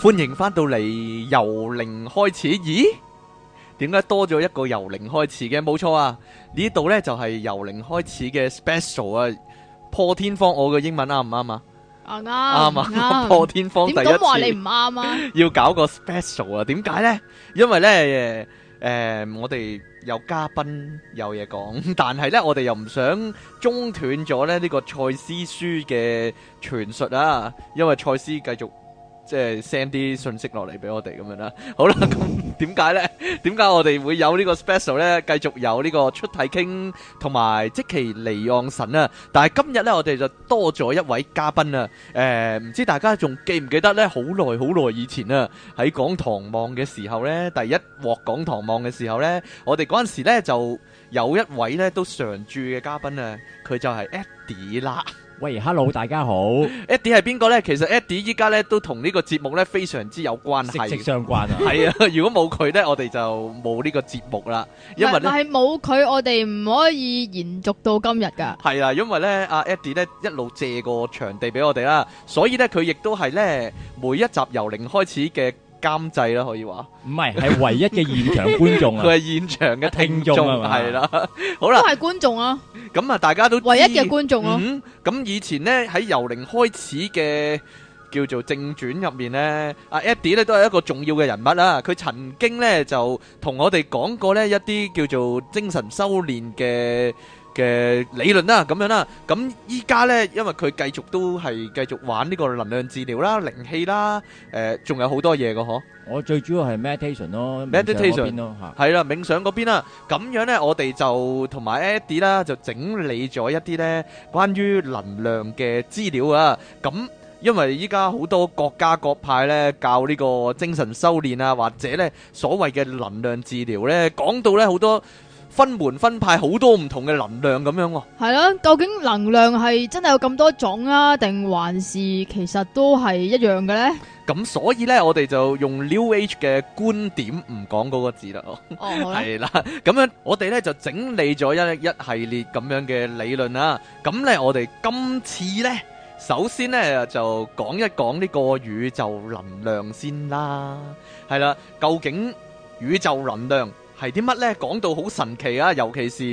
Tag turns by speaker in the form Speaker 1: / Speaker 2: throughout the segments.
Speaker 1: 歡迎翻到嚟由零開始，咦？點解多咗一個由零開始嘅？冇錯啊！呢度呢就係由零開始嘅 special 啊，破天荒，我嘅英文啱唔啱啊？
Speaker 2: 啱啱啊！嗯、啊 破天荒點解話你唔啱啊？
Speaker 1: 要搞個 special 啊？點解呢？因為呢，誒、呃呃，我哋有嘉賓有嘢講，但係呢，我哋又唔想中斷咗咧呢個賽斯書嘅傳述啊，因為賽斯繼續。即係 send 啲信息落嚟俾我哋咁樣啦。好啦，咁點解呢？點解我哋會有呢個 special 呢？繼續有呢個出體傾同埋即期離岸神啊！但係今日呢，我哋就多咗一位嘉賓啊！誒，唔知大家仲記唔記得呢？好耐好耐以前啊，喺講堂望嘅時候呢，第一鑊講堂望嘅時候呢，我哋嗰陣時呢就有一位呢都常駐嘅嘉賓啊，佢就係 Eddie 啦。喂，Hello，大家好。Eddie 係邊個呢？其實 Eddie 依家，咧都同呢個節目咧非常之有關係，息息相關啊。係 啊，如果冇佢呢，我哋就冇呢個節目啦。因為咧，但係
Speaker 2: 冇佢，我哋唔可以延續到今日噶。
Speaker 1: 係啊，因為咧，阿、啊、Eddie 咧一路借個場地俾我哋啦，所以咧佢亦都係咧每一集由零開始嘅，監製啦，可以話，唔係係唯一嘅現場觀眾啊，佢係現場嘅聽眾啊，係啦，好啦，都係觀眾啊，咁啊，大家都唯一嘅觀眾咯。咁以前咧喺由零開始嘅叫做正傳入面咧，阿 Eddie 咧都係一個重要嘅人物啦。佢曾經咧就同我哋講過咧一啲叫做精神修煉嘅。嘅理論啦，咁樣啦，咁依家咧，因為佢繼續都係繼續玩呢個能量治療啦、靈氣啦，誒，仲有好多嘢嘅呵。
Speaker 3: 我最主要係 meditation 咯，meditation 咯，
Speaker 1: 係啦，冥想嗰邊啦。咁樣咧，我哋就同埋 Eddie 啦，就整理咗一啲咧關於能量嘅資料啊。咁因為依家好多國家各派咧教呢個精神修煉啊，或者咧所謂嘅能量治療咧，講到咧好多。分門分派好多唔同嘅能量咁樣喎，
Speaker 2: 係啦，究竟能量係真係有咁多種啊，定還是其實都係一樣嘅咧？
Speaker 1: 咁所以咧，我哋就用 New Age 嘅觀點，唔講嗰個字啦，哦，係啦，咁樣我哋咧就整理咗一一系列咁樣嘅理論啦，咁咧我哋今次咧，首先咧就講一講呢個宇宙能量先啦，係啦，究竟宇宙能量？係啲乜咧？講到好神奇啊，尤其是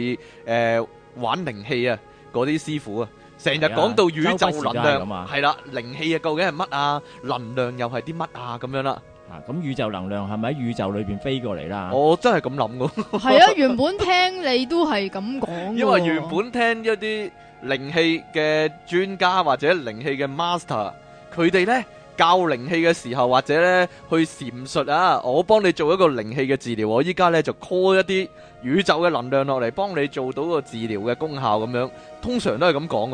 Speaker 1: 誒玩靈氣啊，嗰啲師傅啊，成日講到宇宙能量啊嘛係啦，靈氣啊究竟係乜啊？能量又係啲
Speaker 3: 乜啊？咁樣啦，啊咁宇宙能量係咪喺宇宙裏邊飛過嚟啦？我真係咁諗噶，係啊，
Speaker 2: 原本聽你都係咁講，因為原
Speaker 1: 本聽一啲靈氣嘅專家或者靈氣嘅 master，佢哋咧。教靈氣嘅時候，或者咧去闡述啊，我幫你做一個靈氣嘅治療，我依家咧就 call 一啲宇宙嘅能量落嚟，幫你做到個治療嘅功效咁樣。通常都係咁講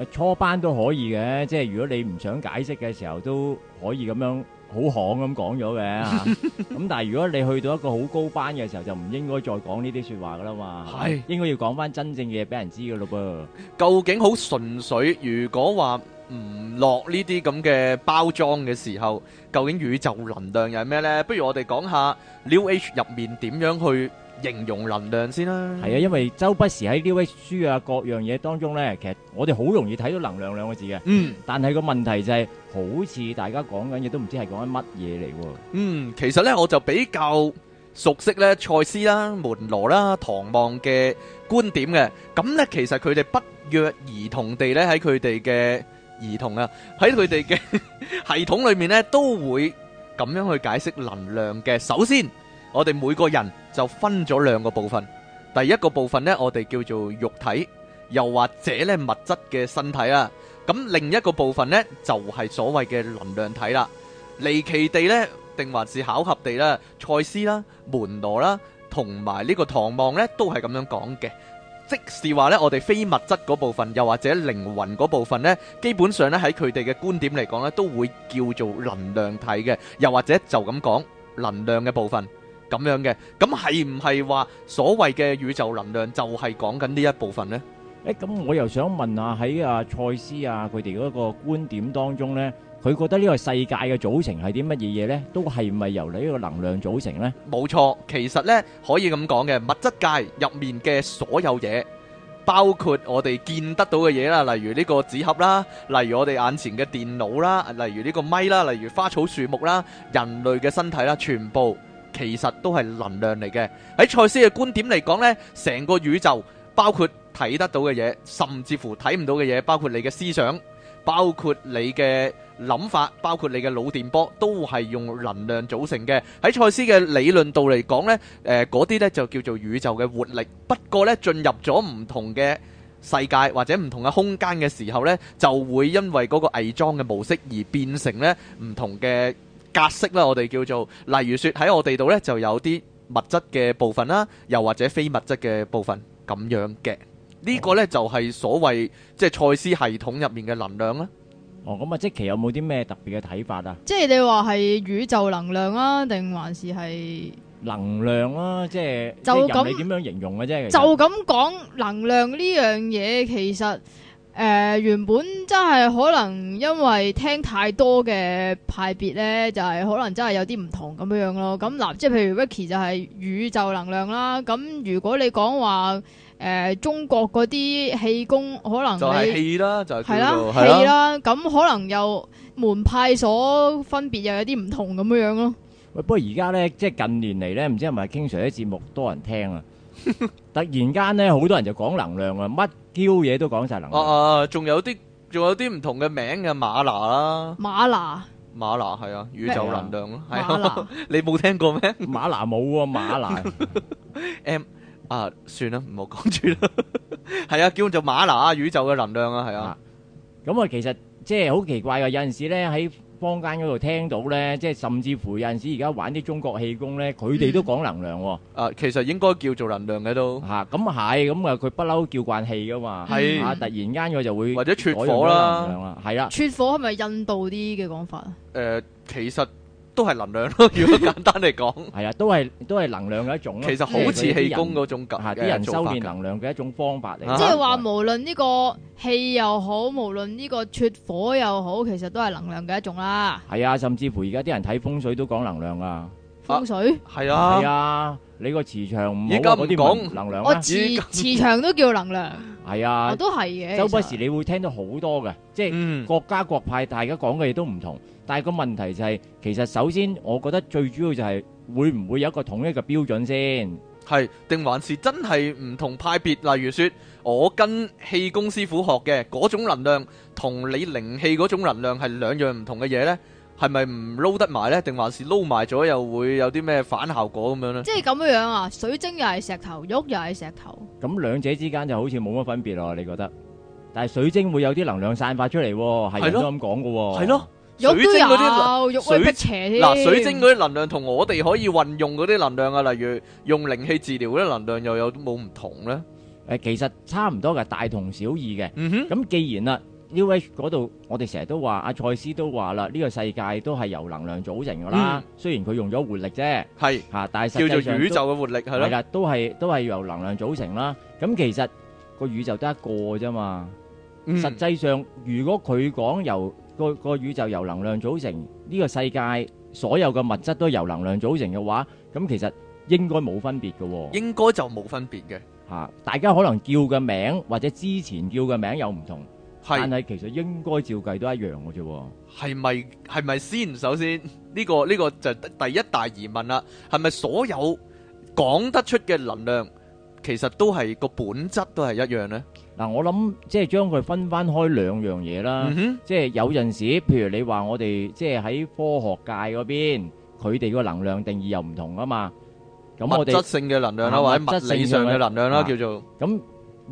Speaker 1: 嘅，
Speaker 3: 初班都可以嘅，即係如果你唔想解釋嘅時候都可以咁樣好行咁講咗嘅。咁 但係如果你去到一個好高班嘅時候，就唔應該再講呢啲說話噶啦嘛。係是應該要講翻真正嘅嘢俾人知噶咯噃。究竟好
Speaker 1: 純粹？如果話。唔落呢啲咁嘅包裝嘅時候，究竟宇宙能量又係咩呢？不如我哋講下 New Age 入面點樣去形容能量先啦。係啊，因
Speaker 3: 為周不時喺 New Age 書啊各樣嘢當中呢，其實我哋好容易睇到能量兩個字嘅。嗯，但係個問題就係好似大家講緊嘢都唔知係
Speaker 1: 講緊乜嘢嚟喎。嗯，其實呢，我就比較熟悉呢賽斯啦、門羅啦、唐望嘅觀點嘅。咁呢，其實佢哋不約而同地呢，喺佢哋嘅。兒童啊，喺佢哋嘅系統裏面咧，都會咁樣去解釋能量嘅。首先，我哋每個人就分咗兩個部分。第一個部分咧，我哋叫做肉體，又或者咧物質嘅身體啦。咁另一個部分咧，就係所謂嘅能量體啦。離奇地咧，定還是巧合地啦，賽斯啦、門羅啦，同埋呢個唐望咧，都係咁樣講嘅。即是話咧，我哋非物質嗰部分，又或者靈魂嗰部分咧，基本上咧，喺佢哋嘅觀點嚟講咧，都會叫做能量體嘅，又或者就咁講能量嘅部分咁樣嘅。咁係唔係話所謂嘅宇宙能量就係講緊呢一部分咧？
Speaker 3: 誒，咁我又想問下喺阿賽斯啊佢哋嗰個觀點當中咧。佢覺得呢個世界嘅組成係啲乜嘢嘢呢？都係唔係由你呢個能量組成呢？
Speaker 1: 冇錯，其實呢可以咁講嘅，物質界入面嘅所有嘢，包括我哋見得到嘅嘢啦，例如呢個紙盒啦，例如我哋眼前嘅電腦啦，例如呢個咪啦，例如花草樹木啦，人類嘅身體啦，全部其實都係能量嚟嘅。喺賽斯嘅觀點嚟講呢，成個宇宙包括睇得到嘅嘢，甚至乎睇唔到嘅嘢，包括你嘅思想，包括你嘅。諗法包括你嘅腦電波，都係用能量組成嘅。喺賽斯嘅理論度嚟講咧，誒嗰啲咧就叫做宇宙嘅活力。不過咧進入咗唔同嘅世界或者唔同嘅空間嘅時候咧，就會因為嗰個偽裝嘅模式而變成咧唔同嘅格式啦。我哋叫做，例如說喺我哋度咧就有啲物質嘅部分啦，又或者非物質嘅部分咁樣嘅。呢個咧就係所謂即係賽斯系統入面嘅能量啦。哦，咁啊，即期有冇啲咩特別嘅睇法啊？
Speaker 2: 即係你話係宇宙能量啊，定還是係
Speaker 3: 能量啊？即係就咁點樣形容嘅啫？就
Speaker 2: 咁講能量呢樣嘢，其實誒、呃、原本真係可能因為聽太多嘅派別咧，就係、是、可能真係有啲唔同咁樣樣咯。咁嗱，即係譬如 Vicky 就係宇宙能量啦。咁如果你講話。誒中國嗰啲氣功可能就係氣啦，就係係啦，氣啦。咁可能又門派所分別又有啲唔同咁樣咯。
Speaker 3: 喂，不過而家咧，即係近年嚟咧，唔知係咪經常啲節目多人聽啊？突然間咧，好多人就講能量啊，乜鳩嘢都講晒能
Speaker 1: 量。哦哦，仲有啲仲有啲唔同嘅名嘅馬拿啦，馬拿，馬拿係啊，宇宙能量咯，係啊，你冇聽過咩？馬拿冇喎，馬拿。啊，算啦，唔好講住啦。係啊，叫做馬拿啊，宇宙嘅能量啊，
Speaker 3: 係啊。咁啊，其實即係好奇怪嘅，有陣時咧喺坊間嗰度聽到咧，即係甚至乎有陣時而家玩啲中國氣功咧，佢哋都講能量。誒，其實應該叫做能量嘅都。吓，咁係，咁啊，佢不嬲叫慣氣噶嘛。係。突然間佢就會
Speaker 1: 或者缺火啦。係啦。
Speaker 3: 缺
Speaker 2: 火係咪印度啲嘅講法啊？
Speaker 1: 誒，其實。都係能量咯，如果簡單嚟講，係啊，都係都係能量嘅一種。
Speaker 3: 其實好似氣功嗰種咁，啲人修煉能量嘅一種方法嚟。即係
Speaker 2: 話無論呢個氣又好，無論呢個撮火又好，其實都係能量嘅一種啦。
Speaker 3: 係 啊，甚至乎而家啲人睇風水都講能量啊。風水係啊，你個磁場冇嗰啲能量，我磁磁
Speaker 2: 場都叫能量，
Speaker 3: 係啊，都係嘅。周不時你會聽到好多嘅，即係國家國派大家講嘅嘢都唔同，但係個問題就係，其實首先我覺得最主要就係會唔會有一個統一嘅標準先？係
Speaker 1: 定還是真係唔同派別？例如說，我跟氣功師傅學嘅嗰種能量，同你靈氣嗰種能量係兩樣唔同嘅嘢咧。係咪唔撈得埋咧？定還是撈埋咗又會有啲咩反效果咁樣
Speaker 3: 咧？即
Speaker 2: 係咁樣樣啊！水晶又係石頭，玉又係石頭。
Speaker 3: 咁兩者之間就好似冇乜分別咯、啊，你覺得？但係水晶會有啲能量散發出嚟、啊，係人都咁講嘅。係咯，
Speaker 2: 水晶嗰啲能，玉都有，水玉為乜
Speaker 4: 邪？
Speaker 1: 嗱，水晶嗰啲能量同我哋可以運用嗰啲能量啊，例如用靈氣治療嗰啲能量，又有冇唔同咧？誒，其實差唔多嘅大同小異嘅。嗯、哼，咁既
Speaker 3: 然啦、啊。New Age 嗰度，我哋成日都話阿蔡司都話啦，呢個世界都係由能量組成噶啦。雖然佢用咗活力啫，係吓，但係叫做宇宙嘅活力係咯，係啦，都係都係由能量組成啦。咁其實個宇宙得一個啫嘛。實際上，如果佢講由個個宇宙由能量組成，呢個世界所有嘅物質都由能量組成嘅話，咁其實應該冇分別嘅。應
Speaker 1: 該就冇分別嘅。
Speaker 3: 吓，大家可能叫嘅名或者之前叫嘅名有唔同。係，但係其實應該照計都一樣嘅啫。
Speaker 1: 係咪係咪先？首先呢個呢個就第一大疑問啦。係咪所有講得出嘅能量，其實都係個本質都係一樣咧？嗱，我諗即係將佢分翻
Speaker 3: 開兩樣嘢啦。即係有陣時，譬如你話我哋即係喺科學界嗰邊，佢哋個能量定義又唔同啊嘛。咁我哋物質性嘅能量啦，或者物理上嘅能量啦，叫做咁。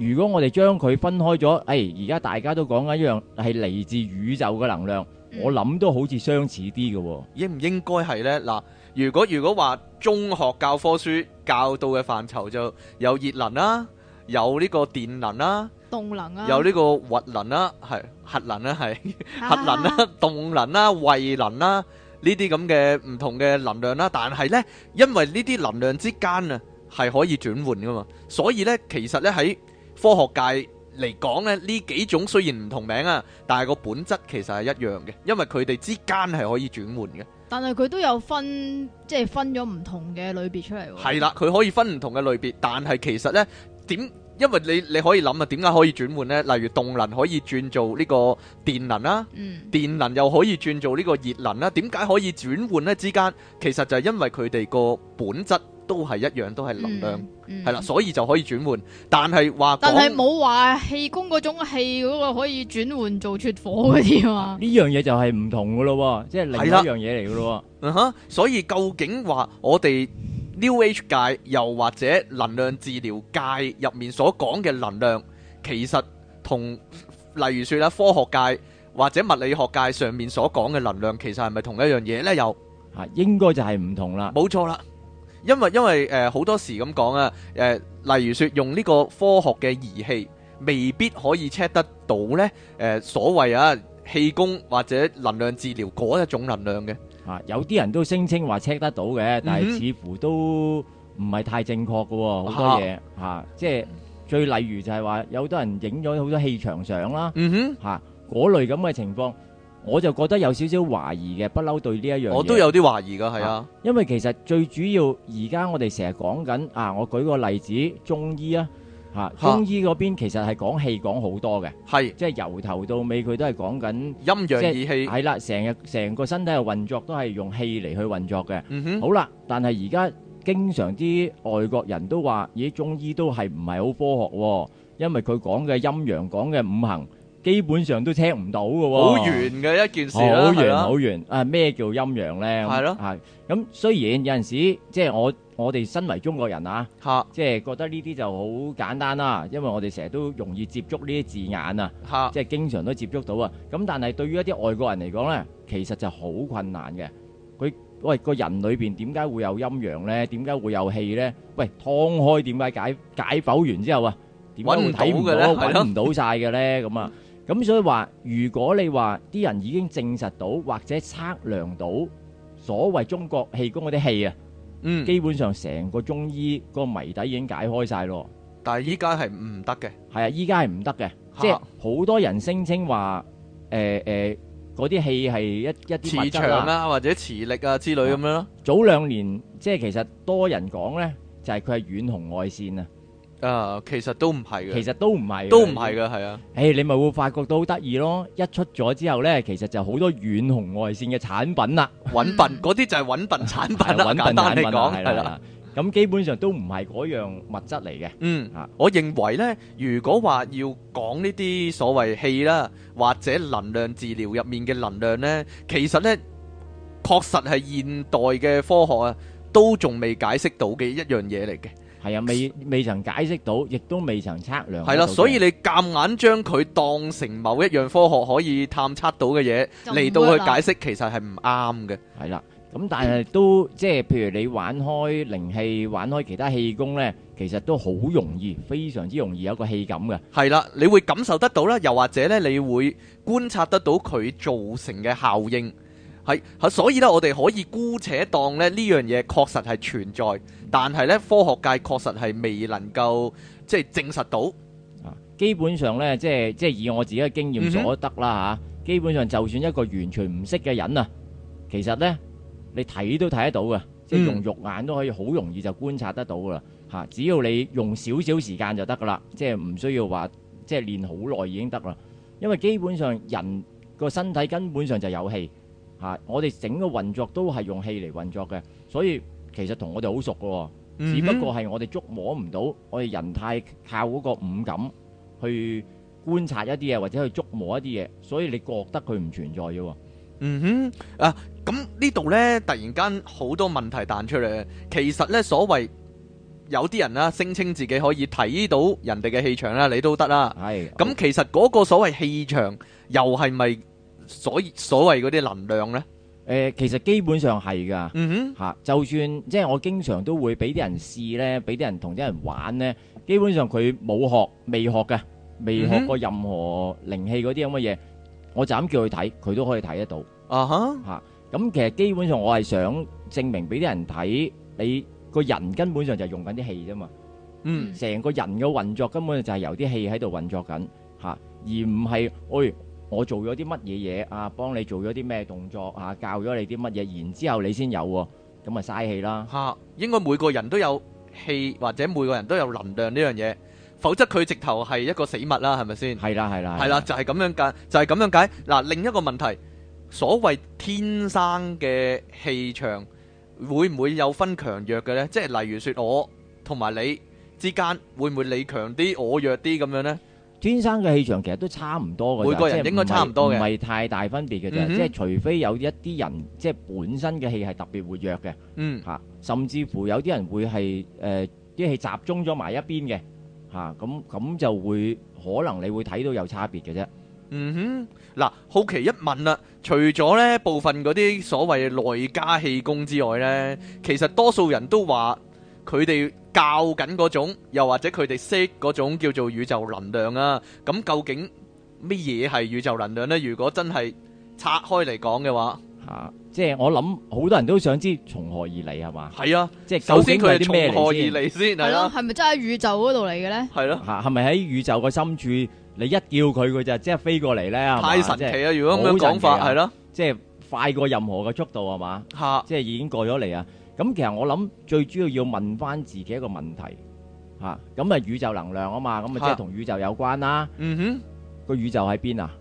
Speaker 3: 如果我哋將佢分開咗，誒，而家大家都講緊一樣，係嚟自宇宙嘅能量，我諗都好似相似啲嘅。應唔
Speaker 1: 應該係呢？嗱，如果如果話中學教科書教到嘅範疇，就有熱能啦，有呢個電能啦，
Speaker 2: 動能啊，有呢個
Speaker 1: 核能啦，係核能啦，係核能啦，動能啦，位能啦，呢啲咁嘅唔同嘅能量啦。但係呢，因為呢啲能量之間啊係可以轉換噶嘛，所以呢，其實呢喺科學界嚟講咧，呢幾種雖然唔同名啊，但係個本質其實係一樣嘅，因為佢哋之間係可以轉換嘅。
Speaker 2: 但係佢都有分，即係分咗唔同嘅類別出嚟喎。係啦，
Speaker 1: 佢可以分唔同嘅類別，但係其實呢點？因為你你可以諗啊，點解可以轉換呢？例如動能可以轉做呢個電能啦、啊，嗯、電能又可以轉做呢個熱能啦、啊。點解可以轉換呢？之間，其實就係因為佢哋個本質。都係一樣，都係能量，係啦，所以就可以轉換。但係話，
Speaker 3: 但係
Speaker 2: 冇話氣功嗰種氣嗰個可以轉換做出火嗰啲嘛？
Speaker 1: 呢樣嘢就係唔同噶咯，即係另一樣嘢嚟噶咯。嗯哼，所以究竟話我哋 New Age 界又或者能量治療界入面所講嘅能量，其實同例如說啦科學界或者物理學界上面所講嘅能量，其實係咪同一樣嘢呢？又啊，應該就係唔同啦，冇錯啦。因為因為誒好、呃、多時咁講啊，誒、呃，例如說用呢個科學嘅儀器，未必可以 check 得到咧，誒、呃，所謂啊氣功或者能量治療嗰一種能量嘅、啊，
Speaker 3: 有啲人都聲稱話 check 得到嘅，但係似乎都唔係太正確嘅、哦，好、嗯、哼多嘢吓、啊，即係最例如就係話有好多人影咗好多氣場相啦，吓嗰、嗯哼啊、類咁嘅情況。我就覺得有少少懷疑嘅，不嬲對呢一樣嘢。我都有啲懷疑噶，係啊。因為其實最主要而家我哋成日講緊啊，我舉個例子，中醫啊，中醫嗰邊其實係講氣講好多嘅，係哈即係由頭到尾佢都係講緊陰陽以氣，係啦，成日成個身體嘅運作都係用氣嚟去運作嘅。嗯哼。好啦，但係而家經常啲外國人都話，咦，中醫都係唔係好科學？因為佢講嘅陰陽，講嘅五行。基本上都聽唔到㗎喎、啊，好玄嘅一件事，好玄好玄啊！咩、啊啊、叫陰陽咧？係咯、啊，係咁、啊。雖然有陣時，即、就、係、是、我我哋身為中國人啊，即係、啊、覺得呢啲就好簡單啦、啊。因為我哋成日都容易接觸呢啲字眼啊，即係、啊、經常都接觸到啊。咁但係對於一啲外國人嚟講咧，其實就好困難嘅。佢喂個人裏面點解會有陰陽咧？點解會有氣咧？喂，劏開點解解解剖完之後啊，點解睇唔到咧？搵唔到晒嘅咧？咁 啊！咁所以話，如果你話啲人已經證實到或者測量到所謂中國氣功嗰啲氣啊，嗯，基本上成個中醫嗰個謎底已經解開晒咯。但係依家係唔得嘅。係啊，依家係唔得嘅，即係好多人聲稱話，誒、呃、誒，嗰啲氣係一一啲、啊、磁場啊，
Speaker 1: 或者磁力啊之類咁樣咯。
Speaker 3: 早兩年即係、就是、其實多人講咧，就係佢係遠紅外線啊。
Speaker 1: 誒，其實都唔係嘅，其實
Speaker 3: 都唔係，都唔係嘅，係啊，誒，你咪會發覺到好得意咯。一出咗之後咧，其實就好多遠紅外線嘅產品啦，搵笨
Speaker 1: 嗰啲就係搵笨產品啦。簡單嚟講係啦，咁基本上都唔係嗰樣物質嚟嘅。嗯，我認為咧，如果話要講呢啲所謂氣啦，或者能量治療入面嘅能量咧，其實咧，確實係現代嘅科學啊，都仲未解釋到嘅一樣嘢嚟嘅。係啊，未
Speaker 3: 未曾解釋到，亦都未曾測量。係啦，所
Speaker 1: 以你夾硬將佢當成某一樣科學可以探測到嘅嘢嚟到去解釋，其實係唔啱嘅。係啦，
Speaker 3: 咁但係都即係，譬如你玩開靈氣，玩開其他氣功呢，其實都好容易，非常之容易有個氣感嘅。
Speaker 1: 係啦，你會感受得到啦，又或者呢，你會觀察得到佢造成嘅效應。係所以咧，我哋可以姑且當咧呢樣嘢確實係存在，但係咧，科學界確實係未能夠即係證實到啊。基本上咧，即係即係以我自己嘅經
Speaker 3: 驗所得啦嚇。嗯哼。基本上，就算一個完全唔識嘅人啊，其實咧，你睇都睇得到嘅，即係用肉眼都可以好容易就觀察得到噶啦嚇。嗯、只要你用少少時間就得噶啦，即係唔需要話即係練好耐已經得啦。因為基本上人個身體根本上就有氣。啊、我哋整個運作都係用氣嚟運作嘅，所以其實同我哋好熟㗎喎、哦。Mm hmm. 只不過係我哋觸摸唔到，我哋人太靠嗰個五感去觀察一啲嘢，或者去觸
Speaker 1: 摸一啲嘢，所以你覺得佢唔存在啫、哦 mm hmm. 啊。嗯哼，啊，咁呢度呢，突然間好多問題彈出嚟。其實呢，所謂有啲人啦、啊，聲稱自己可以睇到人哋嘅氣場啦，你都得啦。係。咁其實嗰個所謂氣場，又係咪？所以所謂嗰啲能量咧，誒其實基本上
Speaker 3: 係㗎，嚇，就算即係我經常都會俾啲人試咧，俾啲人同啲人玩咧，基本上佢冇學、未學嘅，未學過任何靈氣嗰啲咁嘅嘢，我就咁叫佢睇，佢都可以睇得到，啊哈，嚇，咁其實基本上我係想證明俾啲人睇，你個人根本上就係用緊啲氣啫嘛，
Speaker 4: 嗯，
Speaker 3: 成個人嘅運作根本就係由啲氣喺度運作緊，嚇，而唔係喂。我做咗啲乜嘢嘢啊？幫你做咗啲咩動作啊？教咗你啲乜嘢？然之後
Speaker 1: 你先有，咁啊嘥氣啦！吓，應該每個人都有氣，或者每個人都有能量呢樣嘢，否則佢直頭係一個死物啦，係咪先？係啦係啦，係啦，就係咁樣解，就係咁樣解。嗱，另一個問題，所謂天生嘅氣場，會唔會有分強弱嘅咧？即係例如說，我同埋你之間，會唔會你強啲，我弱啲咁樣咧？
Speaker 3: 天生嘅氣場其實都差唔多嘅，每個人應該差唔多嘅，即唔係，應該差唔多嘅，唔係太大分別嘅啫。嗯、哼即係除非有一啲人即係本身嘅氣係特別活躍嘅，嗯嚇、啊，甚至乎有啲人會係誒啲氣集中咗埋一邊嘅，嚇、咁咁就會可能你會睇到有差別嘅啫。
Speaker 1: 嗯哼，嗱、啊、好奇一問啦，除咗咧部分嗰啲所謂嘅內家氣功之外咧，其實多數人都話，佢哋教緊嗰種，又或者佢哋識嗰種叫做宇宙能量啊？咁究竟乜嘢係宇宙能量咧？如果真係拆開嚟講嘅話，吓、
Speaker 3: 即係我諗好多人都想知從何而嚟係嘛？係
Speaker 1: 啊，即係首先佢係從何而嚟
Speaker 3: 先？係咯、啊，
Speaker 2: 係咪真係喺宇宙嗰度嚟嘅咧？
Speaker 3: 係咯、吓，係咪喺宇宙個深處？你一叫佢，佢就即係飛過嚟咧？太神奇啊！是如果咩講、啊、法係咯？啊、即係快過任何嘅速度係嘛？吓、即係已經過咗嚟啊！咁其實我諗最主要要問翻自己一個問題，嚇咁啊宇宙能量啊嘛，咁啊即係同宇宙有關啦、啊啊。嗯哼，個宇宙喺邊啊？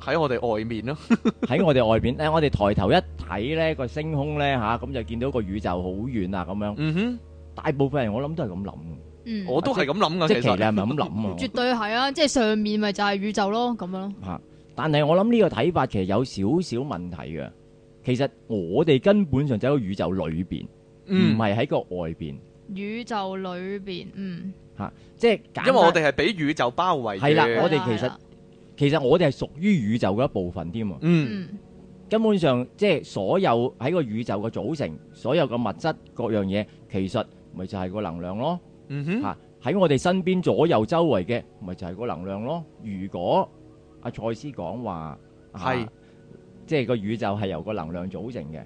Speaker 1: 喺我哋外面咯。
Speaker 3: 喺 我哋外面咧，我哋抬頭一睇咧，個星空咧嚇，咁、啊、就見到個宇宙好遠啊咁樣。嗯哼，大部分人我諗都係咁諗，我都係咁諗㗎，即其實你係咪咁諗啊？絕
Speaker 2: 對係啊，即係上面咪就係宇宙咯，咁樣咯、啊。
Speaker 3: 嚇、啊！但係我諗呢個睇法其實有少少問題嘅。其實我哋根本上就喺宇宙裏邊，
Speaker 2: 唔係
Speaker 3: 喺個外邊。
Speaker 2: 宇宙裏邊，嗯，吓、啊，即、就、係、是，因為我哋
Speaker 3: 係
Speaker 1: 俾宇宙包圍。係啦，我哋其實，
Speaker 3: 其實我哋係屬於宇宙嘅一部分添。嗯，嗯根本上即係、就是、所有喺個宇宙嘅組成，所有嘅物質各樣嘢，其實咪就係個能量咯。嗯哼，吓喺、啊、我哋身邊左右周圍嘅咪就係、是、個能量咯。如果阿賽、啊、斯講話係。啊即係個宇宙係由個能量組成嘅，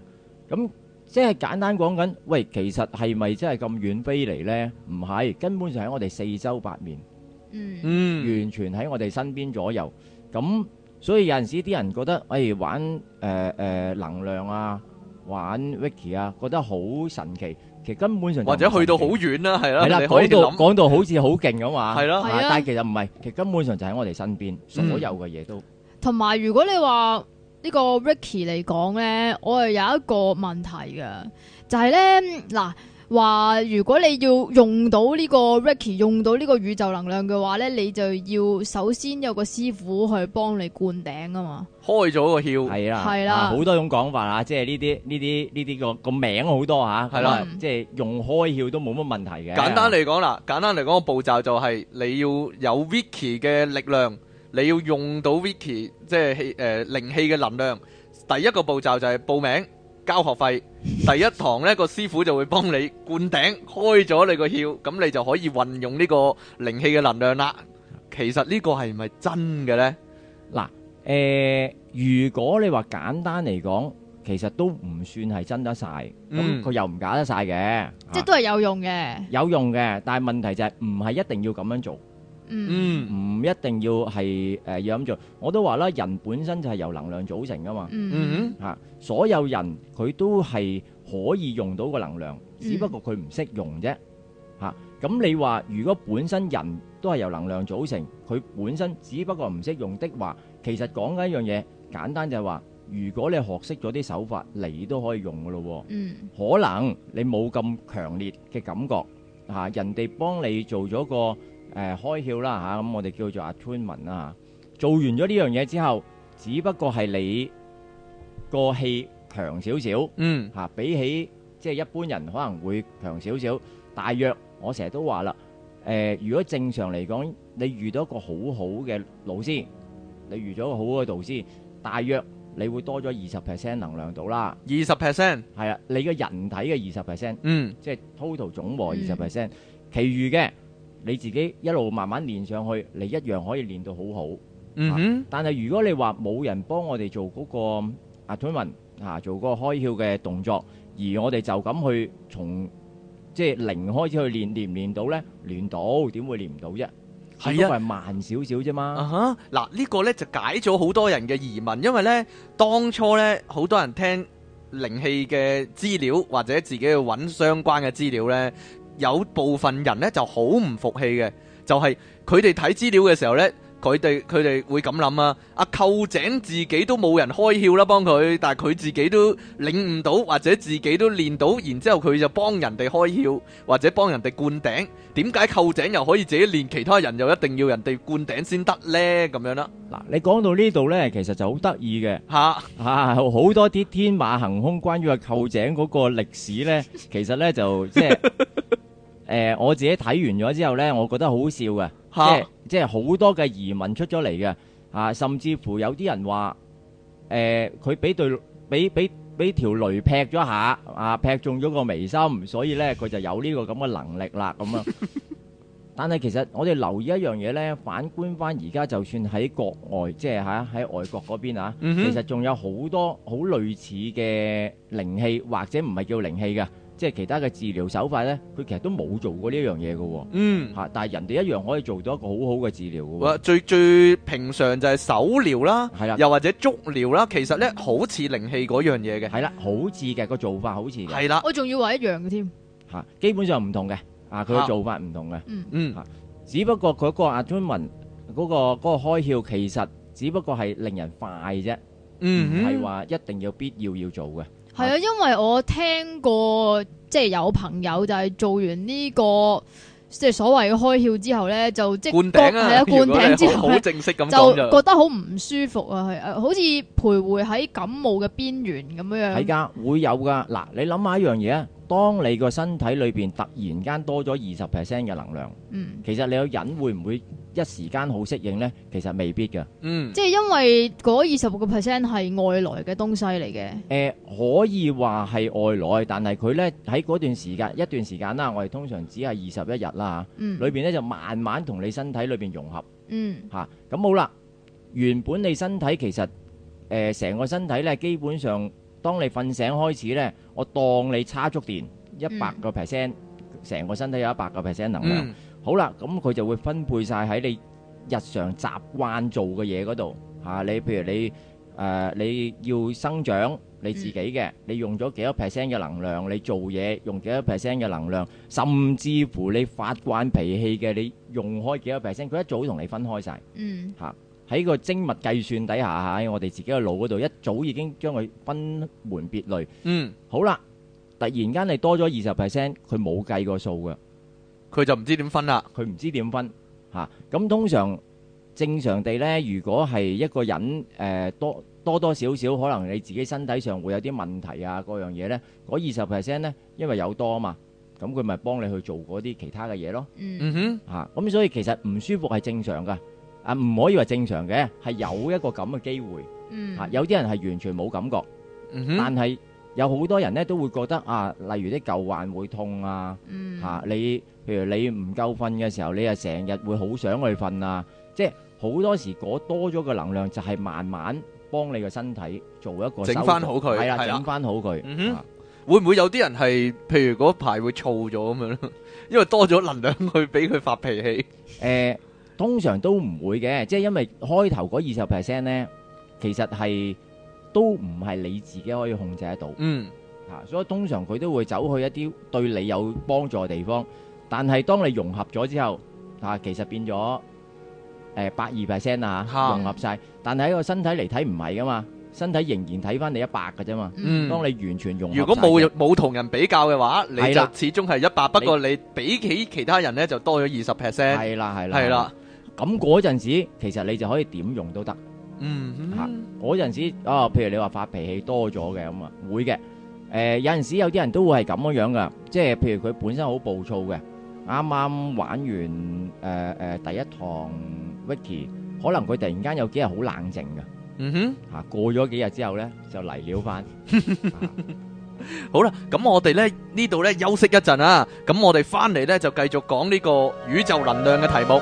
Speaker 3: 咁即係簡單講緊，喂，其實係咪真係咁遠飛嚟呢？唔係，根本上喺我哋四周八面，
Speaker 4: 嗯嗯，
Speaker 3: 完全喺我哋身邊左右。咁所以有陣時啲人覺得，哎，玩誒誒能量啊，玩 Vicky 啊，覺得好神奇，其實根本上或者去到好遠啦，係啦，係啦，講到講到好似好勁咁話，係咯，但係其實唔係，其實根本上就喺我哋身邊，所有嘅嘢都
Speaker 2: 同埋，如果你話。這個來呢個 Ricky 嚟講咧，我係有一個問題嘅，就係咧嗱，話如果你要用到呢個 Ricky 用到呢個宇宙能量嘅話咧，你就要首先有個師傅去幫你灌頂啊嘛，
Speaker 3: 開咗個竅係啦對啦 啊，係啦，好多種講法啊，即係呢啲呢啲呢啲個個名好多吓，係啦，即係用開竅都冇乜問題嘅，啊。簡單
Speaker 1: 嚟講啦，簡單嚟講個步驟就係你要有 Ricky 嘅力量。你要用到 Vicky 即係氣誒靈氣嘅能量，第一個步驟就係報名交學費，第一堂呢個師傅就會幫你灌頂開咗你個竅，咁你就可以運用呢個靈氣嘅能量啦。其實呢個係咪真嘅呢？
Speaker 3: 嗱，誒，如果你話簡單嚟講，其實都唔算係真得晒，咁佢又唔假得晒嘅，
Speaker 2: 即係都係有用嘅，
Speaker 3: 有用嘅，但係問題就係唔係一定要咁樣做。嗯，唔一定要係誒要咁做。我都話啦，人本身就係由能量組成㗎嘛。嗯嗯，嚇所有人佢都係可以用到個能量，只不過佢唔識用啫。嚇咁你話，如果本身人都係由能量組成，佢本身只不過唔識用的話，其實講緊一樣嘢，簡單就係話，如果你學識咗啲手法，你都可以用㗎咯。嗯，可能你冇咁強烈嘅感覺，嚇人哋幫你做咗個。誒、呃、開竅啦嚇，咁、啊嗯、我哋叫做 attunement 啦，做完咗呢樣嘢之後，只不過係你個氣強少少，嗯、mm. 啊、比起即係、就是、一般人可能會強少少。大約我成日都話啦、呃，如果正常嚟講，你遇到一個好好嘅老師，你遇咗一個好好嘅老師，大約你會多咗二十 percent 能量到啦。二十 percent，係啊，你嘅人體嘅二十 percent，嗯，mm. 即係 total 總和二十 percent，其餘嘅。你自己一路慢慢練上去，你一樣可以練到好好。
Speaker 4: 嗯、mm hmm. 啊、
Speaker 3: 但係如果你話冇人幫我哋做嗰個 attunement, 啊推文，做嗰個開竅嘅動作，而我哋就咁去從即係零開始去練，練唔練到呢？
Speaker 1: 練到點會練唔到啫？係因為慢少少啫嘛。啊哈！嗱，呢個呢就解咗好多人嘅疑問，因為呢，當初呢，好多人聽靈氣嘅資料，或者自己去揾相關嘅資料呢。有部分人咧就好唔服氣嘅，就係佢哋睇資料嘅時候咧，佢哋佢哋會咁諗啊！阿扣井自己都冇人開竅啦，幫佢，但係佢自己都領悟到或者自己都練到，然之後佢就幫人哋開竅或者幫人哋灌頂。點解扣井又可以自己練，其他人又一定要人哋灌頂先得咧？咁樣啦。嗱，
Speaker 3: 你講到呢度咧，其實就好得意嘅吓吓，好多啲天馬行空，關於阿扣井嗰個歷史咧，其實咧就即係。誒、呃、我自己睇完咗之後呢，我覺得好好笑嘅，即係好多嘅疑問出咗嚟嘅，啊，甚至乎有啲人話誒，佢、啊、俾對俾俾條雷劈咗下，啊，劈中咗個眉心，所以呢，佢就有呢個咁嘅能力啦，咁啊。 但係其實我哋留意一樣嘢呢，反觀翻而家，就算喺國外，即係嚇喺外國嗰邊啊，嗯、哼其實仲有好多好類似嘅靈氣，或者唔係叫靈氣嘅。即係其他嘅治療手法咧，佢其實都冇做過呢樣嘢嘅喎。嗯，嚇、啊，但係人哋一樣可以做到一個好好嘅治療嘅。
Speaker 1: 最最平常就係手療啦，係啦的，又或者足療啦。其實咧、嗯，好似靈氣嗰樣嘢嘅，係啦，好似嘅個做
Speaker 3: 法好似，好似嘅。係啦，我
Speaker 2: 仲要話一樣嘅添
Speaker 3: 嚇，基本上唔同嘅啊，佢嘅做法唔同嘅、啊，嗯嗯嚇、啊。只不過佢個阿尊文嗰個嗰、嗰個開竅，其實只不過係令人快啫，唔係話一定要必要要做嘅。
Speaker 2: 係啊，因為我聽過即係有朋友就係做完呢、這個即係所謂嘅開竅之後咧，就即係係啊，灌頂之後呢就覺得好唔舒服啊，係、啊、好似徘徊喺感冒嘅邊緣咁樣樣。係噶，
Speaker 3: 會有噶。嗱，你諗下一樣嘢啊。當你個身體裏邊突然間多咗二十 percent 嘅能量，其實你個人會唔會一時間好適應咧？其實未必嘅，
Speaker 2: 即係因為嗰二十個 percent 係外來嘅東西嚟嘅。
Speaker 3: 誒，可以話係外來，但係佢咧，喺嗰段時間一段時間啦，我哋通常只係二十一日啦嚇，裏邊咧就慢慢同你身體裏邊融合嚇。咁好啦，原本你身體其實誒成個身體咧基本上。當你瞓醒開始呢，我當你叉足電一百個 percent，成個身體有一百個 percent 能量。嗯、好啦，咁佢就會分配晒喺你日常習慣做嘅嘢嗰度嚇。你譬如你誒、呃、你要生長你自己嘅，嗯、你用咗幾多 percent 嘅能量？你做嘢用幾多 percent 嘅能量？甚至乎你發慣脾氣嘅，你用開幾多 percent？佢一早同你分開晒嚇。啊喺個精密計算底下，喺我哋自己個腦嗰度，一早已經將佢分門別類。嗯，好啦，突然間你多咗二十 percent，佢冇計過數嘅，佢就唔知點分啦。佢唔知點分嚇。咁通常正常地呢，如果係一個人誒多多多少少，可能你自己身體上會有啲問題啊，嗰樣嘢呢，嗰二十 percent 呢，因為有多啊嘛，咁佢咪幫你去做嗰啲其他嘅嘢咯。嗯哼，嚇，咁所以其實唔舒服係正常㗎。啊，唔可以話正常嘅，係有一個咁嘅機會。嗯，吓有啲人係完全冇感覺，
Speaker 4: 嗯，但係
Speaker 3: 有好多人呢都會覺得啊，例如啲舊患會痛啊，
Speaker 4: 嗯，吓，
Speaker 3: 你，譬如你唔夠瞓嘅時候，你啊成日會好想去瞓啊，即係好多時嗰多咗個能量就係慢慢幫你嘅身體做
Speaker 1: 一個整翻好佢，係啦，整翻好佢。嗯哼，會唔會有啲人係，譬如嗰排會躁咗咁樣咯？因為多咗能量去俾佢發脾氣。誒。通常都唔會嘅，即係因為
Speaker 3: 開頭嗰二十 percent 咧，其實係都唔係你自己可以控制得到。
Speaker 4: 嗯，
Speaker 3: 嚇，所以通常佢都會走去一啲對你有幫助嘅地方。但係當你融合咗之後，嚇，其實變咗誒百二 percent 啦嚇，融合曬。但係喺個身體嚟睇唔係噶嘛？身體仍然睇翻你一百㗎啫嘛。嗯，當你完全融合咗，如果冇
Speaker 1: 冇同人比較嘅話，你就始終係一百。不過你比起其他人咧，就多咗二十
Speaker 4: percent。係啦，係啦，係啦。
Speaker 3: 咁嗰陣時，其實你就可以點用都得。
Speaker 4: 嗯哼，吓
Speaker 3: 嗰陣時啊，譬如你話發脾氣多咗嘅咁啊，會嘅。誒，有陣時有啲人都會係咁樣樣噶，即係譬如佢本身好暴躁嘅，啱啱玩完誒誒第一堂，Vicky 可能佢突然間有幾日好冷靜
Speaker 1: 噶。嗯哼，吓過咗幾日之後咧，就嚟了翻。好啦，咁我哋咧呢度咧休息一陣啊。咁我哋翻嚟咧就繼續講呢個宇宙能量嘅題目。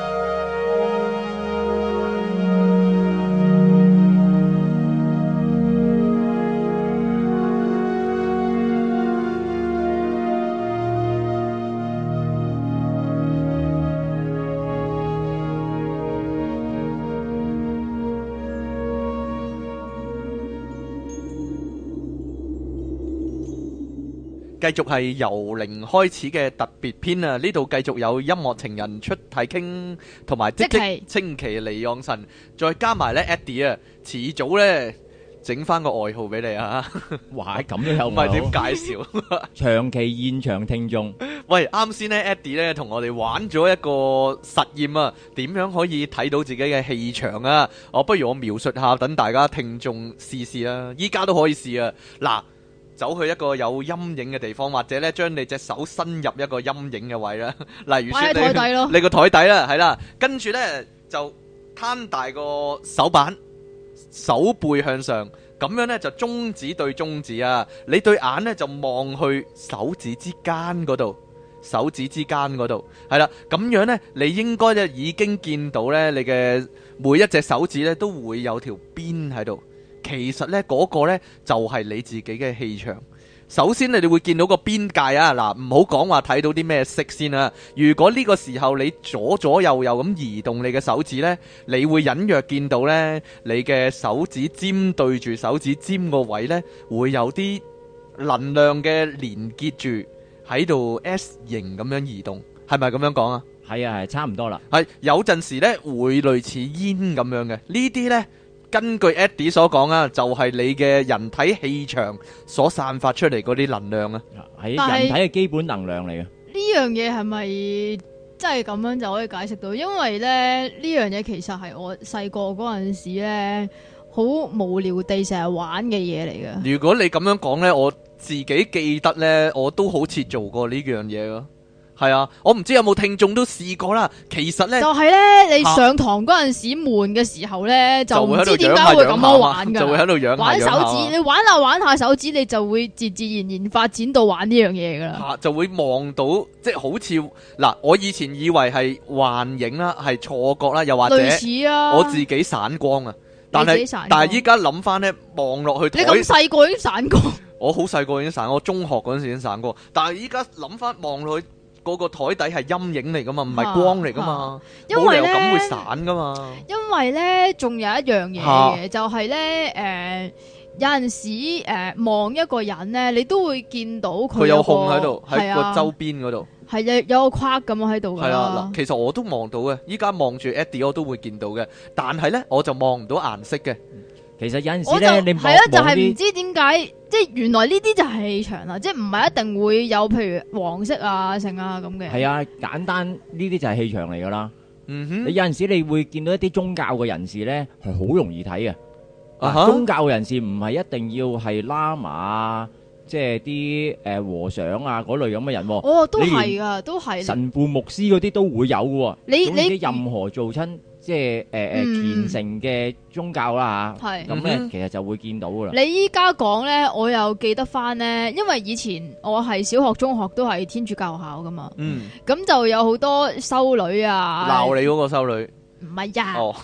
Speaker 1: 繼續係由零開始嘅特別篇啊！呢度繼續有音樂情人出嚟傾，同埋即即清奇離岸神，再加埋呢 Eddie 啊，遲早呢整翻個外號俾你啊！哇，咁又唔係點介紹？
Speaker 3: 長期現場聽眾，
Speaker 1: 喂，啱先呢 Eddie 呢，同我哋玩咗一個實驗啊，點樣可以睇到自己嘅氣場啊？我、啊、不如我描述一下，等大家聽眾試試啊。依家都可以試啊！嗱。走去一個有陰影嘅地方，或者呢將你隻手伸入一個陰影嘅位啦，例如説你你個台底啦，係啦，跟住呢就攤大個手板，手背向上，咁樣呢就中指對中指啊，你對眼呢就望去手指之間嗰度，手指之間嗰度係啦，咁樣呢你應該呢已經見到呢你嘅每一隻手指呢都會有條邊喺度。其實呢嗰個呢，就係你自己嘅氣場。首先，你哋會見到個邊界啊！嗱，唔好講話睇到啲咩色先啊。如果呢個時候你左左右右咁移動你嘅手指呢，你會隱約見到呢你嘅手指尖對住手指尖個位呢，會有啲能量嘅連結住喺度 S 型咁樣移動，係咪咁樣講啊？係啊，係差唔多啦。係有陣時呢，會類似煙咁樣嘅呢啲呢。根據 Eddie 所講啊，就係你嘅人體氣場所散發出嚟嗰啲能量啊，喺人體嘅基本能量嚟嘅。
Speaker 2: 呢樣嘢係咪真係咁樣就可以解釋到？因為咧呢樣嘢其實係我細個嗰陣時呢，好無聊地成日玩嘅嘢嚟嘅。
Speaker 1: 如果你咁樣講呢，我自己記得呢，我都好似做過呢樣嘢咯。係啊，我唔知有冇聽眾都試過啦。其實呢，就係呢，
Speaker 2: 你上堂嗰陣時悶嘅時候呢，啊、就唔知點解會咁樣玩噶。就會喺度搲下玩手指，你玩下、啊、玩下手指，你就會自自然然發展到玩呢樣嘢噶啦，啊。
Speaker 1: 就會望到即係好似嗱，我以前以為係幻影啦，係錯覺啦，又或者，似啊，我自己散光啊。但係是但係依家諗翻呢，望落去，你咁細個已
Speaker 2: 經散光。
Speaker 1: 我好細個已經散，我中學嗰陣時已經散光，但係依家諗翻望落去。嗰個台底係陰影嚟噶嘛，唔係光嚟噶嘛，冇理由咁會散噶嘛。
Speaker 2: 因為咧，仲有一樣嘢嘅，就係咧，誒，有陣時誒望一個人咧，你都會見到佢有空喺度，係啊，喺個周邊嗰度係啊，有個框咁樣喺度嘅。係啊，嗱，其
Speaker 1: 實我都望到嘅，依家望住 Eddie，我都會見到嘅，但係咧，我就望唔到顏色嘅。其實有陣
Speaker 3: 時咧，你係啊，就係唔知
Speaker 2: 點解。即係原來呢啲就係氣場喇，即係唔係一定會有譬如黃色啊、成啊咁嘅。係
Speaker 3: 啊，簡單呢啲就係氣場嚟噶啦。嗯，
Speaker 4: 你有陣
Speaker 3: 時你會見到一啲宗教嘅人士咧，係好容易睇嘅。宗教嘅人士唔係一定要係喇嘛，即係啲誒和尚啊嗰類咁嘅人喎。哦，都係啊，
Speaker 2: 都係神
Speaker 3: 父、牧師嗰啲都會有嘅。你你任何做親，即係誒誒虔誠嘅宗教啦
Speaker 2: 吓，咁咧、嗯、其
Speaker 3: 實就會見到噶啦。你依
Speaker 2: 家講咧，我又記得翻咧，因為以前我係小學、中學都係天主教學校噶嘛，咁、嗯、就有好多修女啊。鬧你嗰個修女？唔係呀。哦。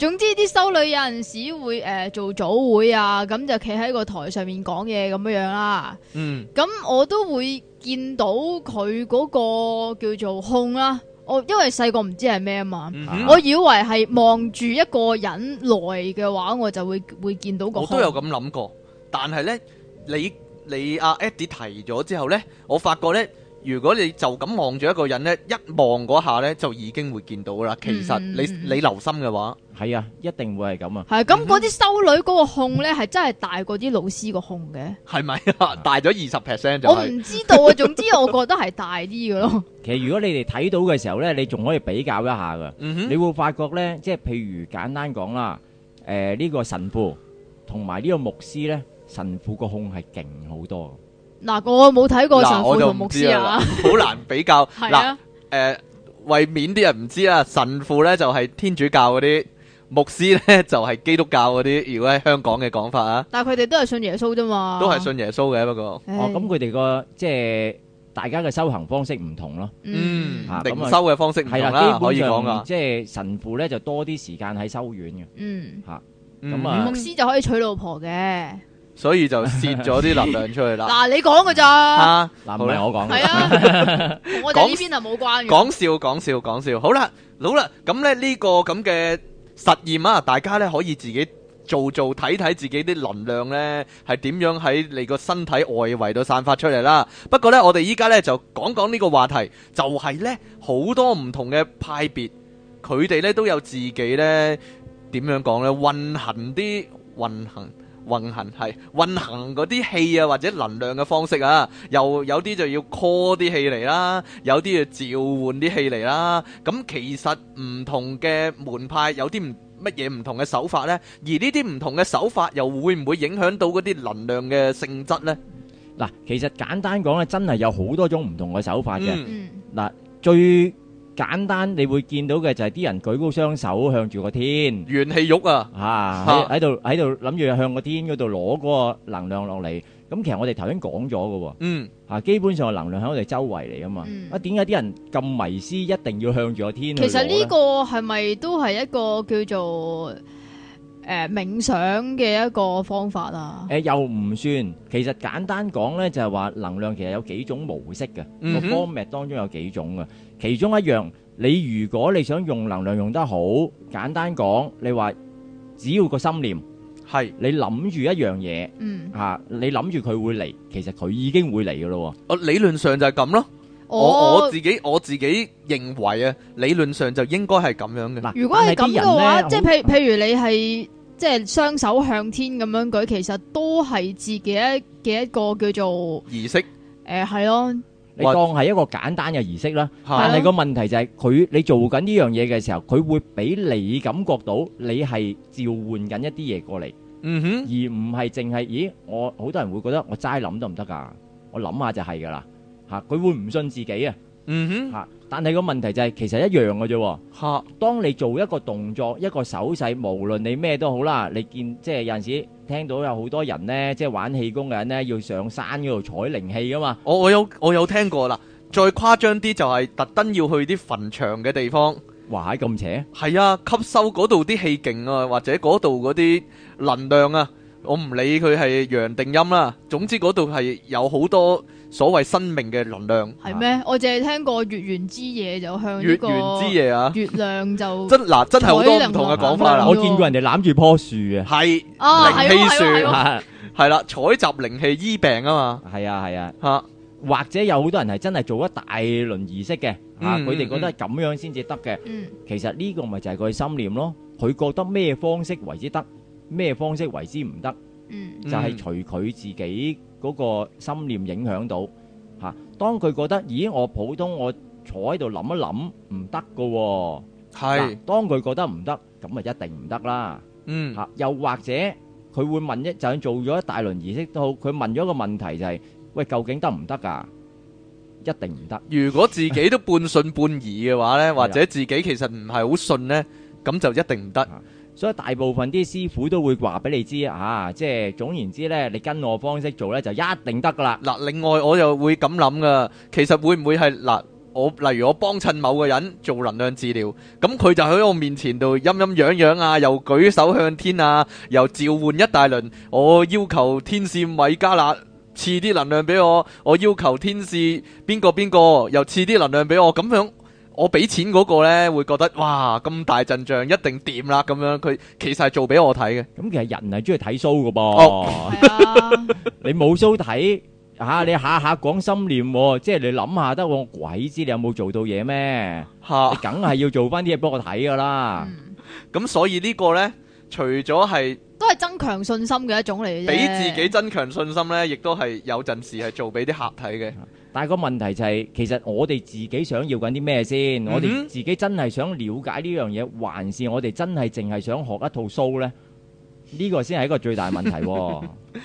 Speaker 2: 總之啲修女有陣時會誒、呃、做早會啊，咁就企喺個台上面講嘢咁樣樣、啊、啦。嗯。咁我都會見到佢嗰個叫做控啦、啊。我因為細個唔知係咩啊嘛，嗯哼我以為係望住一個人來嘅話，我就會會見到個。我都有咁
Speaker 1: 諗過，但係呢，你你阿 Eddie 提咗之後呢，我發覺呢。如果你就咁望住一個人咧，一望嗰下咧就已經會見到啦。其實你你留心嘅話，係啊，一定會係咁啊。
Speaker 3: 係
Speaker 2: 咁，嗰啲修女嗰個控咧，係真係大過啲老師個控嘅。
Speaker 1: 係咪啊？
Speaker 3: 大咗二十 percent 就。我唔知
Speaker 2: 道啊，總之我覺得係大啲嘅咯。
Speaker 3: 其實如果你哋睇到嘅時候咧，你仲可以比較一下噶。嗯哼，你會發覺咧，即係譬如簡單講啦，誒呢個神父同埋呢個牧師咧，神父個控係勁好多。
Speaker 2: 嗱，我冇睇過神父同牧師啊，
Speaker 1: 好難比較。係啊，嗱，誒，為免啲人唔知啊，神父咧就係天主教嗰啲，牧師咧就係基督教嗰啲。如果喺香港嘅講法啊，
Speaker 2: 但係佢哋都係信耶穌啫嘛，都係信
Speaker 1: 耶穌嘅。不
Speaker 3: 過，哦，咁佢哋個即係大家嘅修行方式唔同咯。嗯，靈修嘅方式係啦，可以講噶。即係神父咧就多啲時間喺修院嘅。嗯，
Speaker 1: 吓，咁啊，
Speaker 2: 牧師就可以娶老婆嘅。
Speaker 1: 所以就泄咗啲能量出去啦。
Speaker 2: 嗱，你講㗎咋？啊，
Speaker 1: 好啦，我講。係啊， 我哋呢
Speaker 2: 邊就冇關。講笑，
Speaker 1: 講笑，講笑。好啦，好啦，咁咧呢個咁嘅實驗啊，大家咧可以自己做做，睇睇自己啲能量咧係點樣喺你個身體外圍度散發出嚟啦。不過咧，我哋依家咧就講講呢個話題，就係咧好多唔同嘅派別，佢哋咧都有自己咧點樣講咧運行啲運行。運行係運行嗰啲氣啊，或者能量嘅方式啊，又有啲就要 call 啲氣嚟啦，有啲要召喚啲氣嚟啦。咁其實唔同嘅門派有啲唔乜嘢唔同嘅手法呢？而呢啲唔同嘅手法又會唔會影響到嗰啲能量嘅性質呢？
Speaker 3: 嗱，其實簡單講咧，真係有好多種唔同嘅手法嘅。嗱，嗯、最簡單，你會見到嘅就係啲人舉高雙手向住個天，
Speaker 1: 元氣玉啊！嚇，
Speaker 4: 喺
Speaker 3: 喺度喺度諗住向個天嗰度攞嗰個能量落嚟。咁其實我哋頭先講咗㗎喎，嗯嚇，基本上能量喺我哋周圍嚟啊嘛。啊，點解啲人咁迷思一定要向住個天？其實呢個
Speaker 2: 係咪都係一個叫做？誒冥想嘅一個方法啊！
Speaker 3: 誒又唔算，其實簡單講呢，就係話能量其實有幾種模式嘅個 format，當中有幾種嘅，其中一樣你如果你想用能量用得好，簡單講，你話只要個心念係你諗住一樣嘢，嚇你諗住佢會嚟，其實
Speaker 1: 佢已經會嚟嘅咯喎！哦，理論上就係咁咯，
Speaker 4: 我我自
Speaker 1: 己我自己認為啊，理論上就應該係咁樣嘅。嗱，如果係咁嘅話，即係譬
Speaker 2: 譬如你係。即係雙手向天咁樣舉，其實都係自己嘅一個叫做儀式。誒、呃，係咯，你當
Speaker 3: 係一個簡單嘅儀式啦。是啊、但係個問題就係、是、佢你做緊呢樣嘢嘅時候，佢會俾你感覺到你係召喚緊一啲嘢過嚟。嗯哼，而唔係淨係，咦？我好多人會覺得我齋諗得唔得噶，我諗下就係噶啦吓，佢會唔信自己啊。嗯哼，嚇！但係個問題就係其實一樣㗎啫喎。嚇！當你做一個動作、一個手勢，無論你咩都好啦，你見即係有陣時聽到有好多人呢，即係玩氣功嘅人呢，要上山嗰度
Speaker 1: 採靈氣噶嘛。我我有我有聽過啦。再誇張啲就係特登要去啲墳場嘅地方。哇！咁邪？係啊，吸收嗰度啲氣勁啊，或者嗰度嗰啲能量啊，我唔理佢係陽定陰啦。總之嗰度係有好多。所謂生命嘅能量
Speaker 2: 係咩？我淨係聽過月圓之夜就向月圓之夜啊，月亮就真嗱真係好多唔同嘅講法。我
Speaker 1: 見過人哋攬住棵樹嘅
Speaker 2: 係靈氣樹，
Speaker 1: 係啦，採集靈氣醫病啊嘛。
Speaker 3: 係啊係啊吓，或者有好多人係真係做一大輪儀式嘅吓，佢哋覺得係咁樣先至得嘅。嗯，其實呢個咪就係佢嘅心念咯，佢覺得咩方式為之得，咩方式為之唔得，
Speaker 4: 嗯，就係隨
Speaker 3: 佢自己。嗰個心念影響到嚇，當佢覺得，咦，我普通我坐喺度諗一諗唔得嘅喎，係，當佢覺得唔得，咁啊一定唔得啦，嗯嚇，又或者佢會問一，就算做咗一大輪儀式都好，佢問咗一個問題就係，喂，究竟得唔得㗎？一定唔得。
Speaker 1: 如果自己都半信半疑嘅話呢，或者自己其實唔係好信呢，咁就一定唔得。所以大部分啲
Speaker 3: 師傅都會話俾你知啊，即係總言之咧，你跟我方式做咧就一定得噶啦。
Speaker 1: 嗱，另外我又會咁諗噶，其實會唔會係嗱？我例如我幫襯某個人做能量治療，咁佢就喺我面前度陰陰養養啊，又舉手向天啊，又召喚一大輪，我要求天使米加勒賜啲能量俾我，我要求天使邊個邊個又賜啲能量俾我，咁樣。我俾錢嗰個咧，會覺得哇，咁大陣仗一定掂啦咁樣，佢其實係做俾我睇嘅。咁其實人係中意睇 show 噶噃，你冇 show 睇
Speaker 3: 吓，你下下講心念，即係你諗下得，我鬼知你有冇做到嘢咩？
Speaker 1: 吓，梗係要做翻啲嘢俾我睇噶啦。咁所以呢個咧。除咗係，
Speaker 2: 都係增強信心嘅一種嚟，俾自己
Speaker 1: 增強信心呢，亦都係有陣時係做俾啲客睇嘅。
Speaker 3: 但係個問題就係、是，其實我哋自己想要緊啲咩先？嗯、哼我哋自己真係想了解呢樣嘢，還是我哋真係淨係想學一套 show 呢、呢個先係一個最大問題，啊。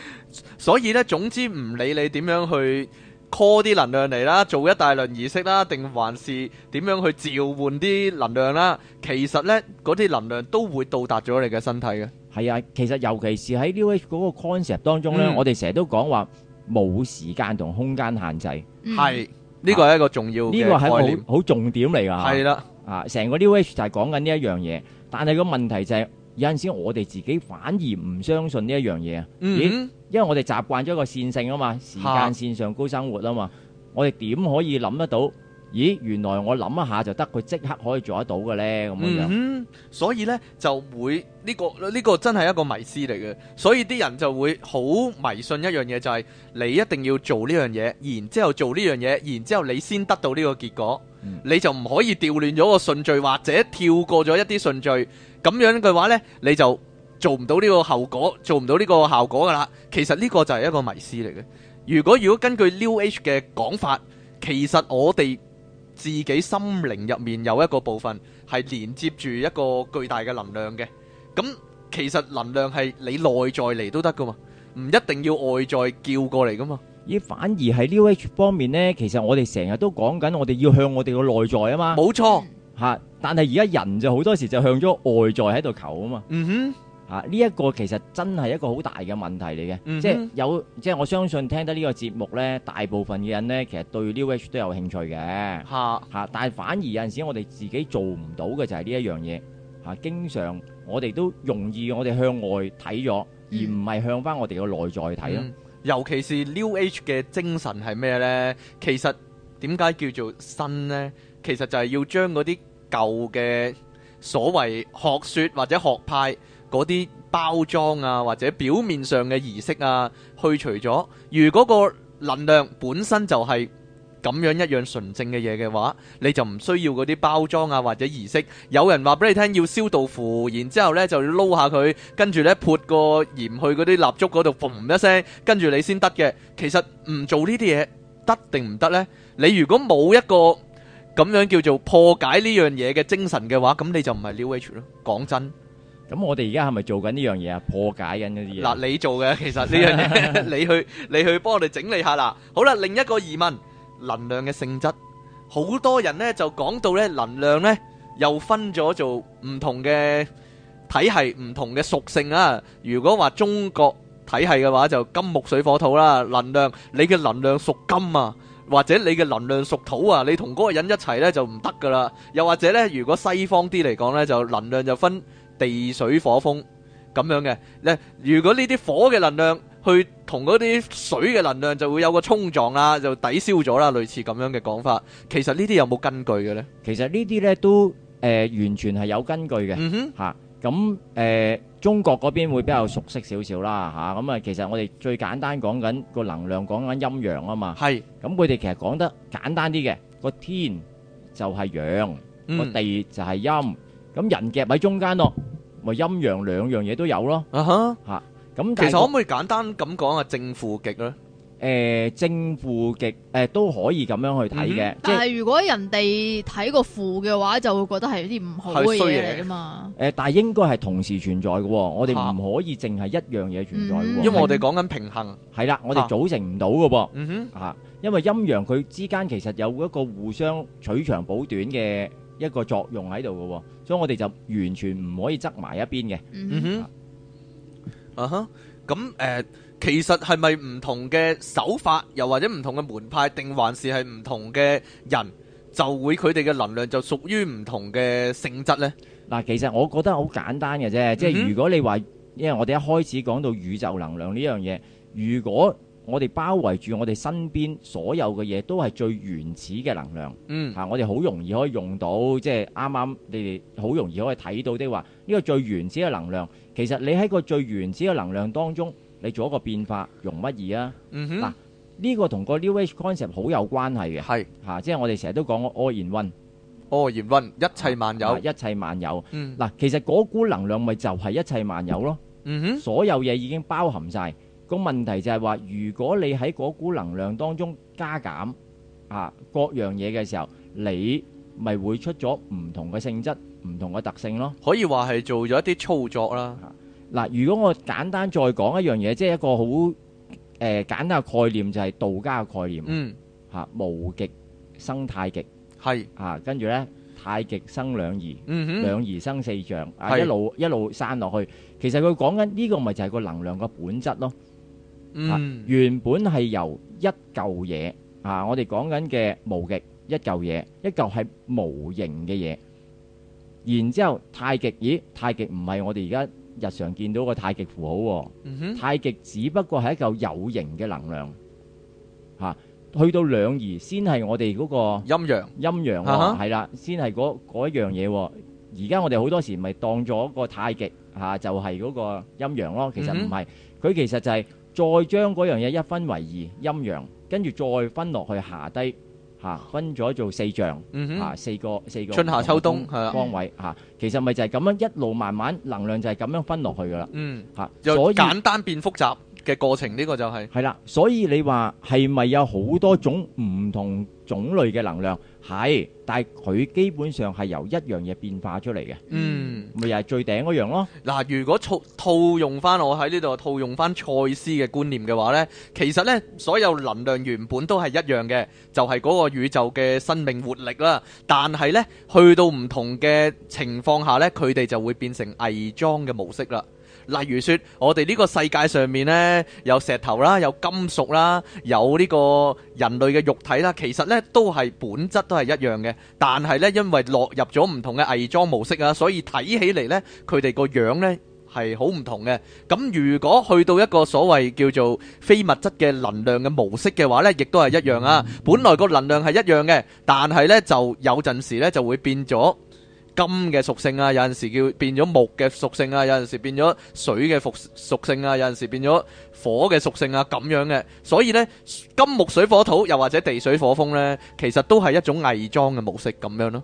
Speaker 1: 所以呢，總之唔理你點樣去 call 啲能量嚟啦，做一大輪儀式啦，定還是點樣去召喚啲能量啦？其實呢，嗰啲能量都會到達咗你嘅身體
Speaker 3: 嘅。係啊，其實尤其是喺 New Age 嗰個 concept 當中呢，我哋成日都講話冇時間同空間限制。係，呢個係一個重要，呢個係好好重點嚟㗎。係啦，啊，成個 New Age 就係講緊呢一樣嘢，但係個問題就係。有陣時我哋自己反而唔相信呢一樣嘢啊！咦，因為我哋習慣咗一個線性啊嘛，時間線上高生活啊嘛，哈我哋點可以諗得到？咦，原來我諗一下就得，佢即刻可以做得到嘅呢咁樣、嗯。
Speaker 1: 所以呢，就會呢、這個呢、這個真係一個迷思嚟嘅，所以啲人就會好迷信一樣嘢，就係你一定要做呢樣嘢，然之後做呢樣嘢，然之後你先得到呢個結果，嗯、你就唔可以調亂咗個順序，或者跳過咗一啲順序，咁樣嘅話呢，你就做唔到呢個後果，做唔到呢個效果噶啦。其實呢個就係一個迷思嚟嘅。如果如果根據 New Age 嘅講法，其實我哋自己心靈入面有一個部分係連接住一個巨大嘅能量嘅，咁其實能量係你內在嚟都得㗎嘛，唔一定要外在叫過嚟㗎嘛。咦，
Speaker 3: 反而係 New Age 方面呢，其實我哋成日都講緊，我哋要向我哋個內在啊嘛。冇錯，吓，但係而家人就好多時就向咗外在喺度求啊嘛。嗯哼。啊！呢、這、一個其實真係一個好大嘅問題嚟嘅、嗯哼，即係有即係我相信聽得呢個節目呢，大部分嘅人呢其實對 New Age 都有興趣嘅，嚇嚇哈、啊。但係反而有陣時我哋自己做唔到嘅就係呢一樣嘢嚇、啊。經常我哋都容易我哋向外睇咗，嗯、而唔係向翻我哋嘅內在睇咯、嗯。
Speaker 1: 尤其是 New Age 嘅精神係咩呢？其實點解叫做新呢？其實就係要將嗰啲舊嘅所謂學説或者學派。嗰啲包裝啊，或者表面上嘅儀式啊，去除咗。如果個能量本身就係咁樣一樣純正嘅嘢嘅話，你就唔需要嗰啲包裝啊或者儀式。有人話俾你聽要消毒符，然之後呢，就撈下佢，跟住呢，潑個鹽去嗰啲蠟燭嗰度，嘣一聲，跟住你先得嘅。其實唔做呢啲嘢得定唔得呢？你如果冇一個咁樣叫做破解呢樣嘢嘅精神嘅話，咁你就唔係 New Age 咯。講真。咁我哋而家係咪做緊呢樣嘢啊？破解緊嗰啲嘢？嗱，你做嘅其實呢樣嘢，你去你去幫我哋整理下啦。好啦，另一個疑問，能量嘅性質，好多人咧就講到咧能量咧又分咗做唔同嘅體系，唔同嘅屬性啊。如果話中國體系嘅話，就金木水火土啦。能量你嘅能量屬金啊，或者你嘅能量屬土啊，你同嗰個人一齊咧就唔得㗎啦。又或者咧，如果西方啲嚟講咧，就能量就分。地水火風咁樣嘅。嗱，如果呢啲火嘅能量去同嗰啲水嘅能量就會有個衝撞啦，就抵消咗啦，類似咁樣嘅講法。其實呢啲有冇根據嘅咧？其實呢啲咧都誒完全係有根據嘅。嗯哼，吓咁誒，中國
Speaker 3: 嗰邊會比較熟悉少少啦，吓咁啊。其實我哋最簡單講緊個能量，講緊陰陽啊嘛。係。咁佢哋其實講得簡單啲嘅，個天就係陽，個地就係陰，咁人夾喺中間咯。咪陰陽兩樣嘢都有咯，吓咁、uh huh. 啊、其實可唔
Speaker 1: 可以簡單咁講啊正負極咧？誒、呃、
Speaker 3: 正負極誒都可以咁樣去睇嘅，mm hmm. 即但係
Speaker 2: 如果人哋睇個負嘅話，就會覺得係有啲唔好嘅嘢嚟噶
Speaker 3: 嘛。誒、呃，但係應該係同時存在嘅，我哋唔可以淨係一樣嘢存在，因為我哋講緊平衡係啦，我哋組成唔到嘅噃，吓，因為陰陽佢之間其實有一個互相取長補短嘅。一個作用喺度嘅，所以我哋就完全唔可以側埋一邊嘅。嗯哼、
Speaker 4: mm，hmm.
Speaker 1: 啊咁誒、uh huh. 呃，其實係咪唔同嘅手法，又或者唔同嘅門派，定還是係唔同嘅人，就會佢哋嘅能量就屬於唔同嘅性質呢？嗱，其實我覺得好簡單嘅啫，mm hmm. 即係如果你話，因
Speaker 3: 為我哋一開始講到宇宙能量呢樣嘢，如果我哋包圍住我哋身邊所有嘅嘢，都係最原始嘅能量。嗯，嚇、啊，我哋好容易可以用到，即係啱啱你哋好容易可以睇到的話，呢、這個最原始嘅能量，其實你喺個最原始嘅能量當中，你做一個變化，容乜易啊？嗯哼。嗱、啊，呢、這個同個 New Age Concept 好有關係嘅。係是。嚇、啊，即係我哋成日都講，all in one，all in one，一切萬有，一切萬有。嗯。嗱、啊，其實嗰股能量咪就係一切萬有咯。嗯哼。所有嘢已經包含晒。個問題就係話，如果你喺嗰股能量當中加減啊各樣嘢嘅時候，你咪會出咗唔同嘅性質、唔同嘅特性咯。
Speaker 1: 可以話係做咗一啲操作啦。嗱，
Speaker 3: 如果我簡單再講一樣嘢，即係一個好誒簡單嘅概念，就係道家嘅概念。嗯。嚇，無極生太極。係。嚇，跟住咧，太極生兩儀。嗯哼。兩儀生四象，一路一路散落去。其實佢講緊呢個咪就係個能量嘅本質咯。嗯，原本係由一嚿嘢啊，我哋講緊嘅無極一嚿嘢，一嚿係無形嘅嘢。然之後太極，咦？太極唔係我哋而家日常見到個太極符號喎。嗯哼，太極只不過係一嚿有形嘅能量嚇。去到兩儀先係我哋嗰個陰陽陰陽啊，係啦，先係嗰嗰一樣嘢。而家我哋好多時咪當咗個太極嚇，就係嗰個陰陽咯。其實唔係，佢其實就係。再將嗰樣嘢一分為二，陰陽，跟住再分落去下低，嚇、啊，分咗做四象，嚇、啊，四個四個春夏秋冬，係啦，方位嚇，其實咪就係咁樣一路慢慢能量就係咁樣分落去㗎啦、啊，所以、嗯、簡
Speaker 1: 單變複雜嘅過程呢、呢個就係、
Speaker 3: 係，係啦，所以你話係咪有好多種唔同種類嘅能量？係，但係佢基本上
Speaker 1: 係由一樣嘢變化出嚟嘅，嗯，咪又係最頂嗰樣咯。嗱，如果套套用翻我喺呢度，套用翻賽斯嘅觀念嘅話呢，其實呢，所有能量原本都係一樣嘅，就係、是、嗰個宇宙嘅生命活力啦。但係呢，去到唔同嘅情況下呢，佢哋就會變成偽裝嘅模式啦。例如說，我哋呢個世界上面呢，有石頭啦，有金屬啦，有呢個人類嘅肉體啦，其實呢都係本質都係一樣嘅，但係呢，因為落入咗唔同嘅偽裝模式啊，所以睇起嚟呢，佢哋個樣呢係好唔同嘅。咁如果去到一個所謂叫做非物質嘅能量嘅模式嘅話呢，亦都係一樣啊。本來個能量係一樣嘅，但係呢就有陣時呢就會變咗。金嘅屬性啊，有陣時叫變咗木嘅屬性啊，有陣時變咗水嘅屬屬性啊，有陣時變咗火嘅屬性啊，咁樣嘅。所以咧，金木水火土又或者地水火風咧，其實都係一種偽裝嘅模式咁樣咯。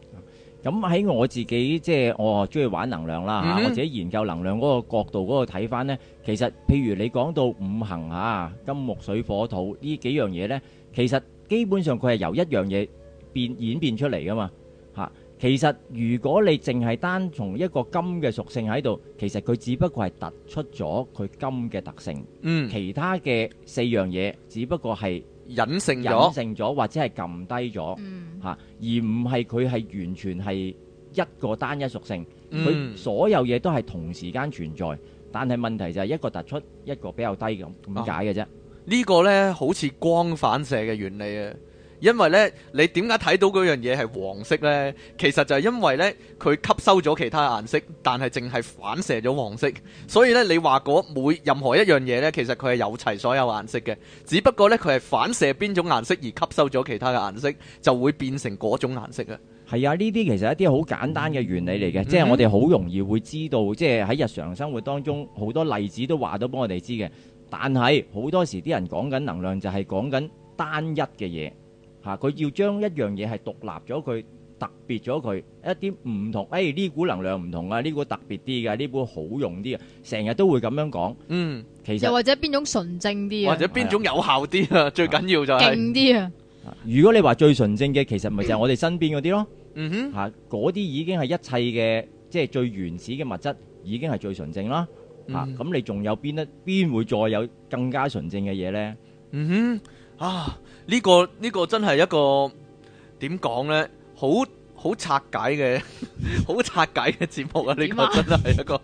Speaker 3: 咁喺我自己即係我中意玩能量啦吓，或者研究能量嗰個角度嗰度睇翻，咧，其實譬如你講到五行吓，金木水火土呢幾樣嘢咧，其實基本上佢係由一樣嘢變演變出嚟噶嘛吓。其實，如果你淨係單從一個金嘅屬性喺度，其實佢只不過係突出咗佢金嘅特性。嗯，其他嘅四樣嘢，只不過係隱性咗，隱性咗或者係撳低咗。嗯，啊、而唔係佢係完全係一個單一屬性。佢、嗯、所有嘢都係同時間存在，但係
Speaker 1: 問題就係一個突出，一個比較低咁，點解嘅啫？呢、啊呢個呢好似光反射嘅原理啊！因為咧，你點解睇到嗰樣嘢係黃色呢？其實就係因為咧，佢吸收咗其他顏色，但係淨係反射咗黃色，所以咧，你話每任何一樣嘢咧，其實佢係有齊所有顏色嘅，只不過咧，佢係反射邊種顏色而吸收咗其他嘅顏色，就會變成嗰種顏色係啊。
Speaker 3: 係啊，呢啲其實係一啲好簡單嘅原理嚟嘅，即係、嗯、我哋好容易會知道，即係喺日常生活當中好多例子都話到，俾我哋知嘅。但係好多時啲人講緊能量就係講緊單一嘅嘢。嚇佢要將一樣嘢係獨立咗佢特別咗佢一啲唔同，誒呢股能量唔同啊，呢股特別啲嘅，呢股好用啲嘅，成日都會咁樣講。嗯，其實又或
Speaker 2: 者邊種純正啲啊？或者邊種
Speaker 3: 有效啲啊？最緊要就係勁啲啊！如果你話最純正嘅，其實咪就係我哋身邊嗰啲咯。嗯
Speaker 4: 哼，嚇
Speaker 3: 嗰啲已經係一切嘅，即係最原始嘅物質已經係最純正啦。嚇咁你仲有邊得邊會再有更加純正嘅嘢咧？嗯哼。
Speaker 4: 啊！
Speaker 1: 呢、這個呢、這個真係一個點講呢？好好拆解嘅，好 拆解嘅節目啊！呢個真係一個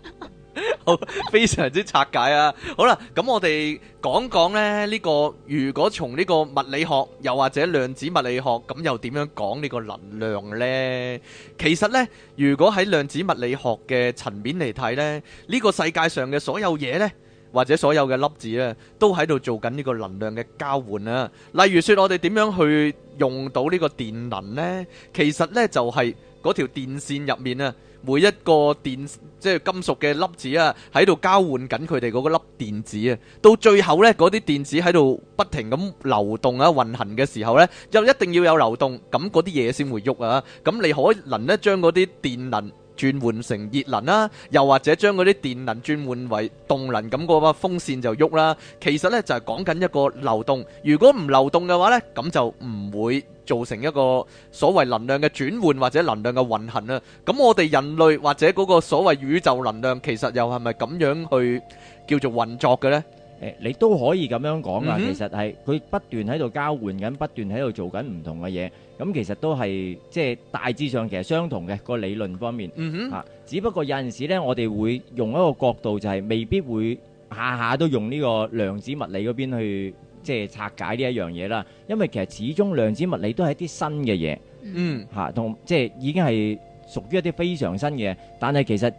Speaker 1: 好 非常之拆解啊！好啦，咁我哋講講呢，呢、這個，如果從呢個物理學又或者量子物理學，咁又點樣講呢個能量呢？其實呢，如果喺量子物理學嘅層面嚟睇呢，呢、這個世界上嘅所有嘢呢。或者所有嘅粒子啊，都喺度做緊呢個能量嘅交換啊。例如說，我哋點樣去用到呢個電能呢？其實呢就係嗰條電線入面啊，每一個電即係金屬嘅粒子啊，喺度交換緊佢哋嗰個粒電子啊。到最後呢，嗰啲電子喺度不停咁流動啊、運行嘅時候呢，又一定要有流動，咁嗰啲嘢先會喐啊。咁你可能呢將嗰啲電能，轉換成熱能啦，又或者將嗰啲電能轉換為動能，咁嗰個風扇就喐啦。其實呢，就係講緊一個流動，如果唔流動嘅話呢，咁就唔會造成一個所謂能量嘅轉換或者能量嘅運行啦。咁我哋人類或者嗰個所謂宇宙能量，其實又係咪咁樣去叫做運作嘅呢？誒，你都可以咁樣講啊！嗯、哼其實係佢不斷喺度交
Speaker 3: 換緊，不斷喺度做緊唔同嘅嘢。咁其實都係即係大致上其實相同嘅個理論方面。嗯哼、啊、只不過有陣時呢，我哋會用一個角度，就係未必會下下都用呢個量子物理嗰邊去即係、就是、拆解呢一樣嘢啦。因為其實始終量子物理都係一啲新嘅嘢。嗯，嚇、啊，同即係已經係屬於一啲非常新嘅。但係其實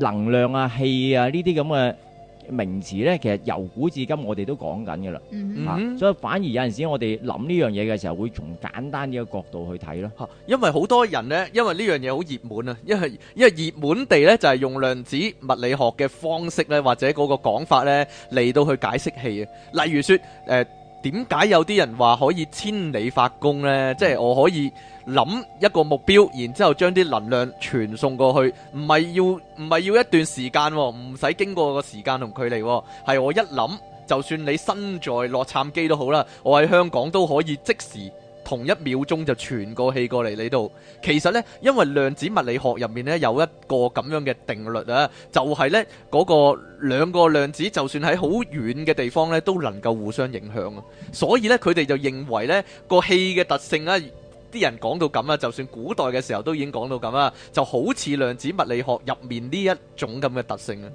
Speaker 3: 能量啊、氣啊呢啲咁嘅。這名詞呢，其實由古至今我哋都講緊嘅啦，嗯、mm hmm. 啊、所以反而有陣時我哋諗呢樣嘢嘅時候，會從簡單啲嘅角度去睇咯，
Speaker 1: 因為好多人呢，因為呢樣嘢好熱門啊，因為因為熱門地呢，就係、是、用量子物理學嘅方式呢，或者嗰個講法呢嚟到去解釋氣。啊。例如說，誒點解有啲人話可以千里發功呢？Mm hmm. 即係我可以。諗一個目標，然之後將啲能量傳送過去，唔係要唔係要一段時間，唔使經過個時間同距離，係我一諗，就算你身在洛杉磯都好啦，我喺香港都可以即時同一秒鐘就傳個氣過嚟你度。其實呢，因為量子物理學入面呢，有一個咁樣嘅定律啊，就係呢嗰個兩個量子，就算喺好遠嘅地方呢都能夠互相影響啊。所以呢，佢哋就認為呢個氣嘅特性啊。啲人講到咁啦，就算古代嘅時候都已經講到咁啦，就好似量子物理學入面呢一種咁嘅特性啊，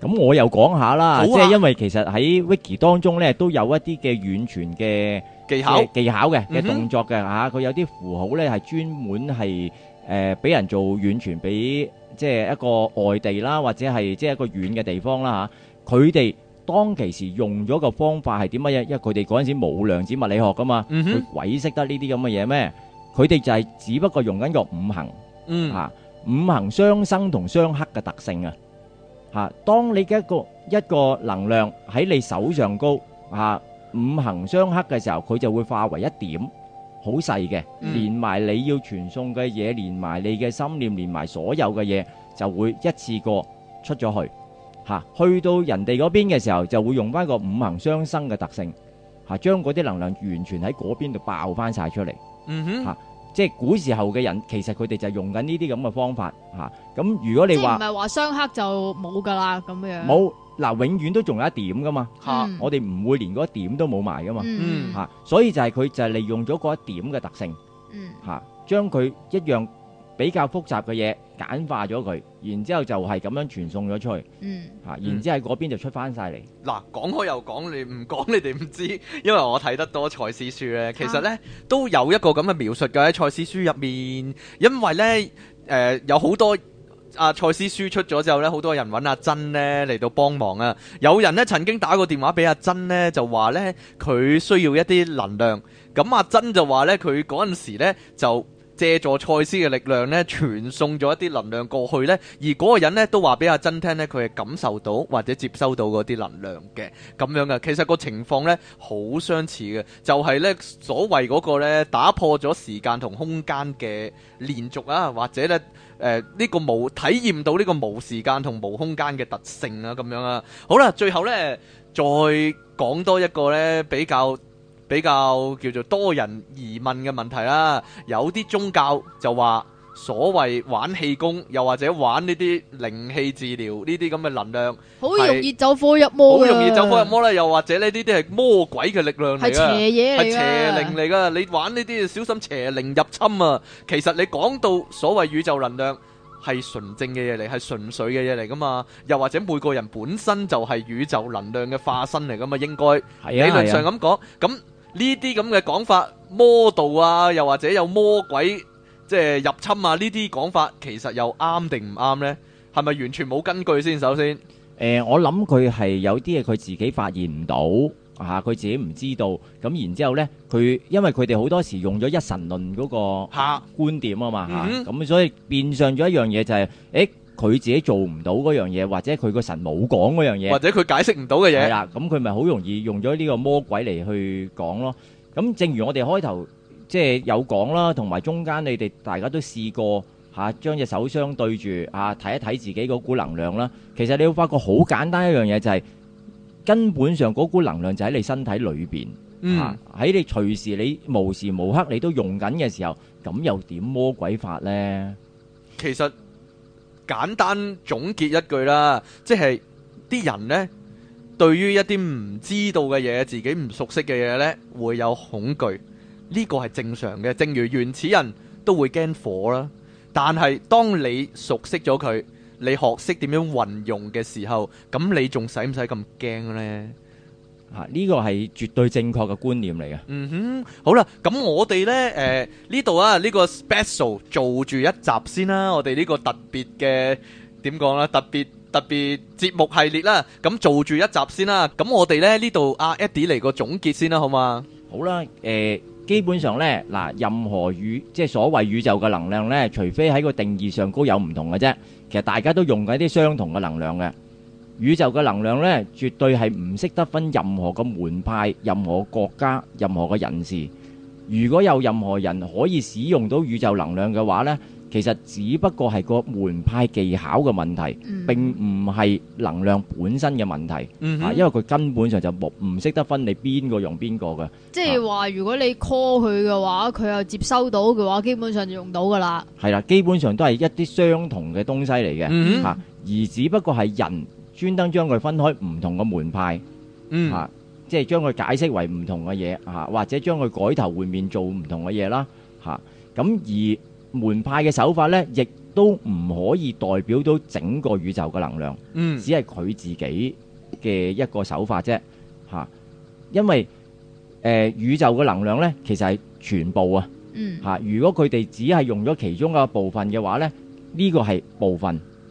Speaker 3: 咁我又講下啦，即係因為其實喺 Wiki 當中呢都有一啲嘅遠傳嘅技巧技巧嘅嘅動作嘅嚇，佢有啲符號呢係專門係誒俾人做遠傳俾即係一個外地啦，或者係即係一個遠嘅地方啦嚇。佢哋當其時用咗個方法係點乜嘢？因為佢哋嗰陣時冇量子物理學㗎嘛，佢鬼識得呢啲咁嘅嘢咩？佢哋就係只不過用緊個五行，嗯嚇，五行相生同相克嘅特性啊。嚇，當你嘅一個一個能量喺你手上高啊，五行相克嘅時候，佢就會化為一點好細嘅，連埋你要傳送嘅嘢，連埋你嘅心念，連埋所有嘅嘢，就會一次過出咗去嚇。去到人哋嗰邊嘅時候，就會用翻個五行相生嘅特性嚇，將嗰啲能量完全喺嗰邊度爆翻曬出嚟。嗯哼，吓、啊，即係古時候嘅人，其實佢哋就用緊呢啲咁嘅方法，吓、啊。咁如果你話唔係
Speaker 2: 話雙黑就冇噶啦，咁樣冇，
Speaker 3: 嗱、啊、永遠都仲有一點噶嘛，吓、啊。我哋唔會連嗰一點都冇埋噶嘛，嗯吓、啊。所以就係佢就係利用咗嗰一點嘅特性，嗯吓，將佢、啊、一樣。比較複雜嘅嘢簡化咗佢，然之後就係咁樣傳送咗出去。嗯，嚇，然之後喺嗰邊就出
Speaker 1: 翻晒嚟。嗱、嗯，講開又講，不你唔講你哋唔知道，因為我睇得多賽斯書咧，其實咧、啊、都有一個咁嘅描述嘅喺賽斯書入面。因為咧，誒、呃、有好多啊賽斯書出咗之後咧，好多人揾阿珍咧嚟到幫忙啊。有人咧曾經打過電話俾阿珍咧，就話咧佢需要一啲能量。咁阿珍就話咧，佢嗰陣時咧就。借助賽斯嘅力量咧，傳送咗一啲能量過去呢。而嗰個人呢，都話俾阿珍聽，呢佢係感受到或者接收到嗰啲能量嘅咁樣嘅。其實個情況呢，好相似嘅，就係呢所謂嗰個呢，打破咗時間同空間嘅連續啊，或者呢，呃呢個冇體驗到呢個冇時間同冇空間嘅特性啊，咁樣啊。好啦，最後呢，再講多一個呢比較。比較叫做多人疑問嘅問題啦。啊，有啲宗教就話所謂玩氣功，又或者玩呢啲靈氣治療呢啲咁嘅能量，好容易
Speaker 2: 走火入魔。好容易走火入魔
Speaker 1: 啦，又或者呢啲啲係魔鬼嘅力量嚟啊，係邪嘢嚟啊，係邪靈嚟噶，你玩呢啲小心邪靈入侵啊！其實你講到所謂宇宙能量係純正嘅嘢嚟，係純粹嘅嘢嚟噶嘛？又或者每個人本身就係宇宙能量嘅化身嚟噶嘛？應該、啊、理論上咁講咁。呢啲咁嘅講法，魔道啊，又或者有魔鬼即係入侵啊，呢啲講法其實又啱定唔啱呢？係咪完全冇根據先？首先、
Speaker 3: 呃，我諗佢係有啲嘢佢自己發現唔到，佢自己唔知道。咁然之後呢，佢因為佢哋好多時用咗一神論嗰個觀點啊嘛嚇，咁、啊嗯、哼所以變相咗一樣嘢就係、誒佢自己做唔到嗰樣嘢，或者佢個神冇講嗰樣嘢，或者佢解
Speaker 1: 釋唔到嘅嘢。係啦，
Speaker 3: 咁佢咪好容易用咗呢個魔鬼嚟去講咯。咁正如我哋開頭即係有講啦，同埋中間你哋大家都試過嚇，將隻手相對住嚇，睇一睇自己嗰股能量啦。其實你會發覺好簡單一樣嘢，就係根本上嗰股能量就喺你身體裏邊，喺你隨時你無時無刻你都用緊嘅時候，咁又點魔鬼法咧？
Speaker 1: 其實。簡單總結一句啦，即係啲人呢，對於一啲唔知道嘅嘢、自己唔熟悉嘅嘢呢，會有恐懼，呢個係正常嘅。正如原始人都會驚火啦，但係當你熟悉咗佢，你學識點樣運用嘅時候，咁你仲使唔使咁驚呢？吓，呢個係絕對正確嘅觀念嚟嘅。嗯哼，好啦，咁我哋咧，誒，呢度啊，呢個 Special 做住一集先啦，我哋呢個特別嘅點講咧，特別特別節目系列啦，咁做住一集先啦，咁我哋咧，呢度阿 Eddie 嚟個總結先啦，好嘛？好啦，誒，
Speaker 3: 基本上咧，嗱，任何宇，即係所謂宇宙嘅能量咧，除非喺個定義上高有唔同嘅啫，其實大家都用緊啲相同嘅能量嘅。宇宙嘅能量呢，絕對係唔識得分任何個門派、任何國家、任何嘅人士。如果有任何人可以使用到宇宙能量嘅話呢，其實只不過係個門派技巧嘅問題，並唔係能量本身嘅問題。嚇，因為佢根本上就冇唔識得分你邊個用邊個嘅。
Speaker 2: 即係話，如果你 call 佢嘅話，佢又接收到嘅話，基本上就用到㗎啦。
Speaker 3: 係啦，基本上都係一啲相同嘅東西嚟嘅嚇，而只不過係人。專登將佢分開唔同嘅門派，吓、嗯啊，即係將佢解釋為唔同嘅嘢，吓、啊，或者將佢改頭換面做唔同嘅嘢啦，吓、啊。咁而門派嘅手法呢，亦都唔可以代表到整個宇宙嘅能量，嗯，只係佢自己嘅一個手法啫，吓、啊。因為誒、呃、宇宙嘅能量呢，其實係全部啊，吓、啊。如果佢哋只係用咗其中一個部分嘅話呢，呢、呢個係部分。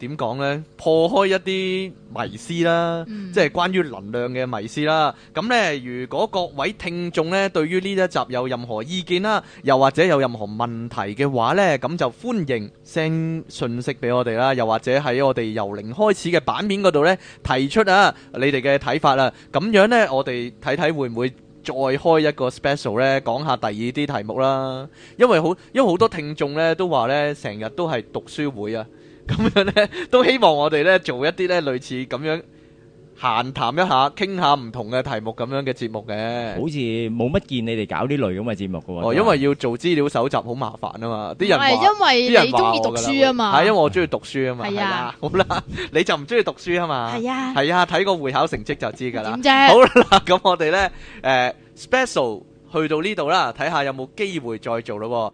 Speaker 1: 點講呢？破開一啲迷思啦，嗯、即係關於能量嘅迷思啦。咁呢，如果各位聽眾呢對於呢一集有任何意見啦，又或者有任何問題嘅話呢，咁就歡迎 send 信息俾我哋啦。又或者喺我哋由零開始嘅版面嗰度呢，提出啊，你哋嘅睇法啦、啊。咁樣呢，我哋睇睇會唔會再開一個 special 呢？講下第二啲題目啦。因為好，因為好多聽眾呢都話呢，成日都係讀書會啊。咁樣咧，都希望我哋咧做一啲咧類似咁樣閒談一下，傾下唔同嘅題目咁樣嘅節目嘅。好似冇乜見你哋搞呢類咁嘅節目嘅喎、哦，因為要做資料搜集好麻煩啊嘛，啲人係因為啲人中意讀書啊嘛，係因為我中意讀書啊嘛，係唉啊，好啦，你就唔中意讀書啊嘛，係啊，係啊，睇個會考成績就知噶啦。啊、好啦，咁我哋咧，誒、呃，special 去到呢度啦，睇下有冇機會再做咯。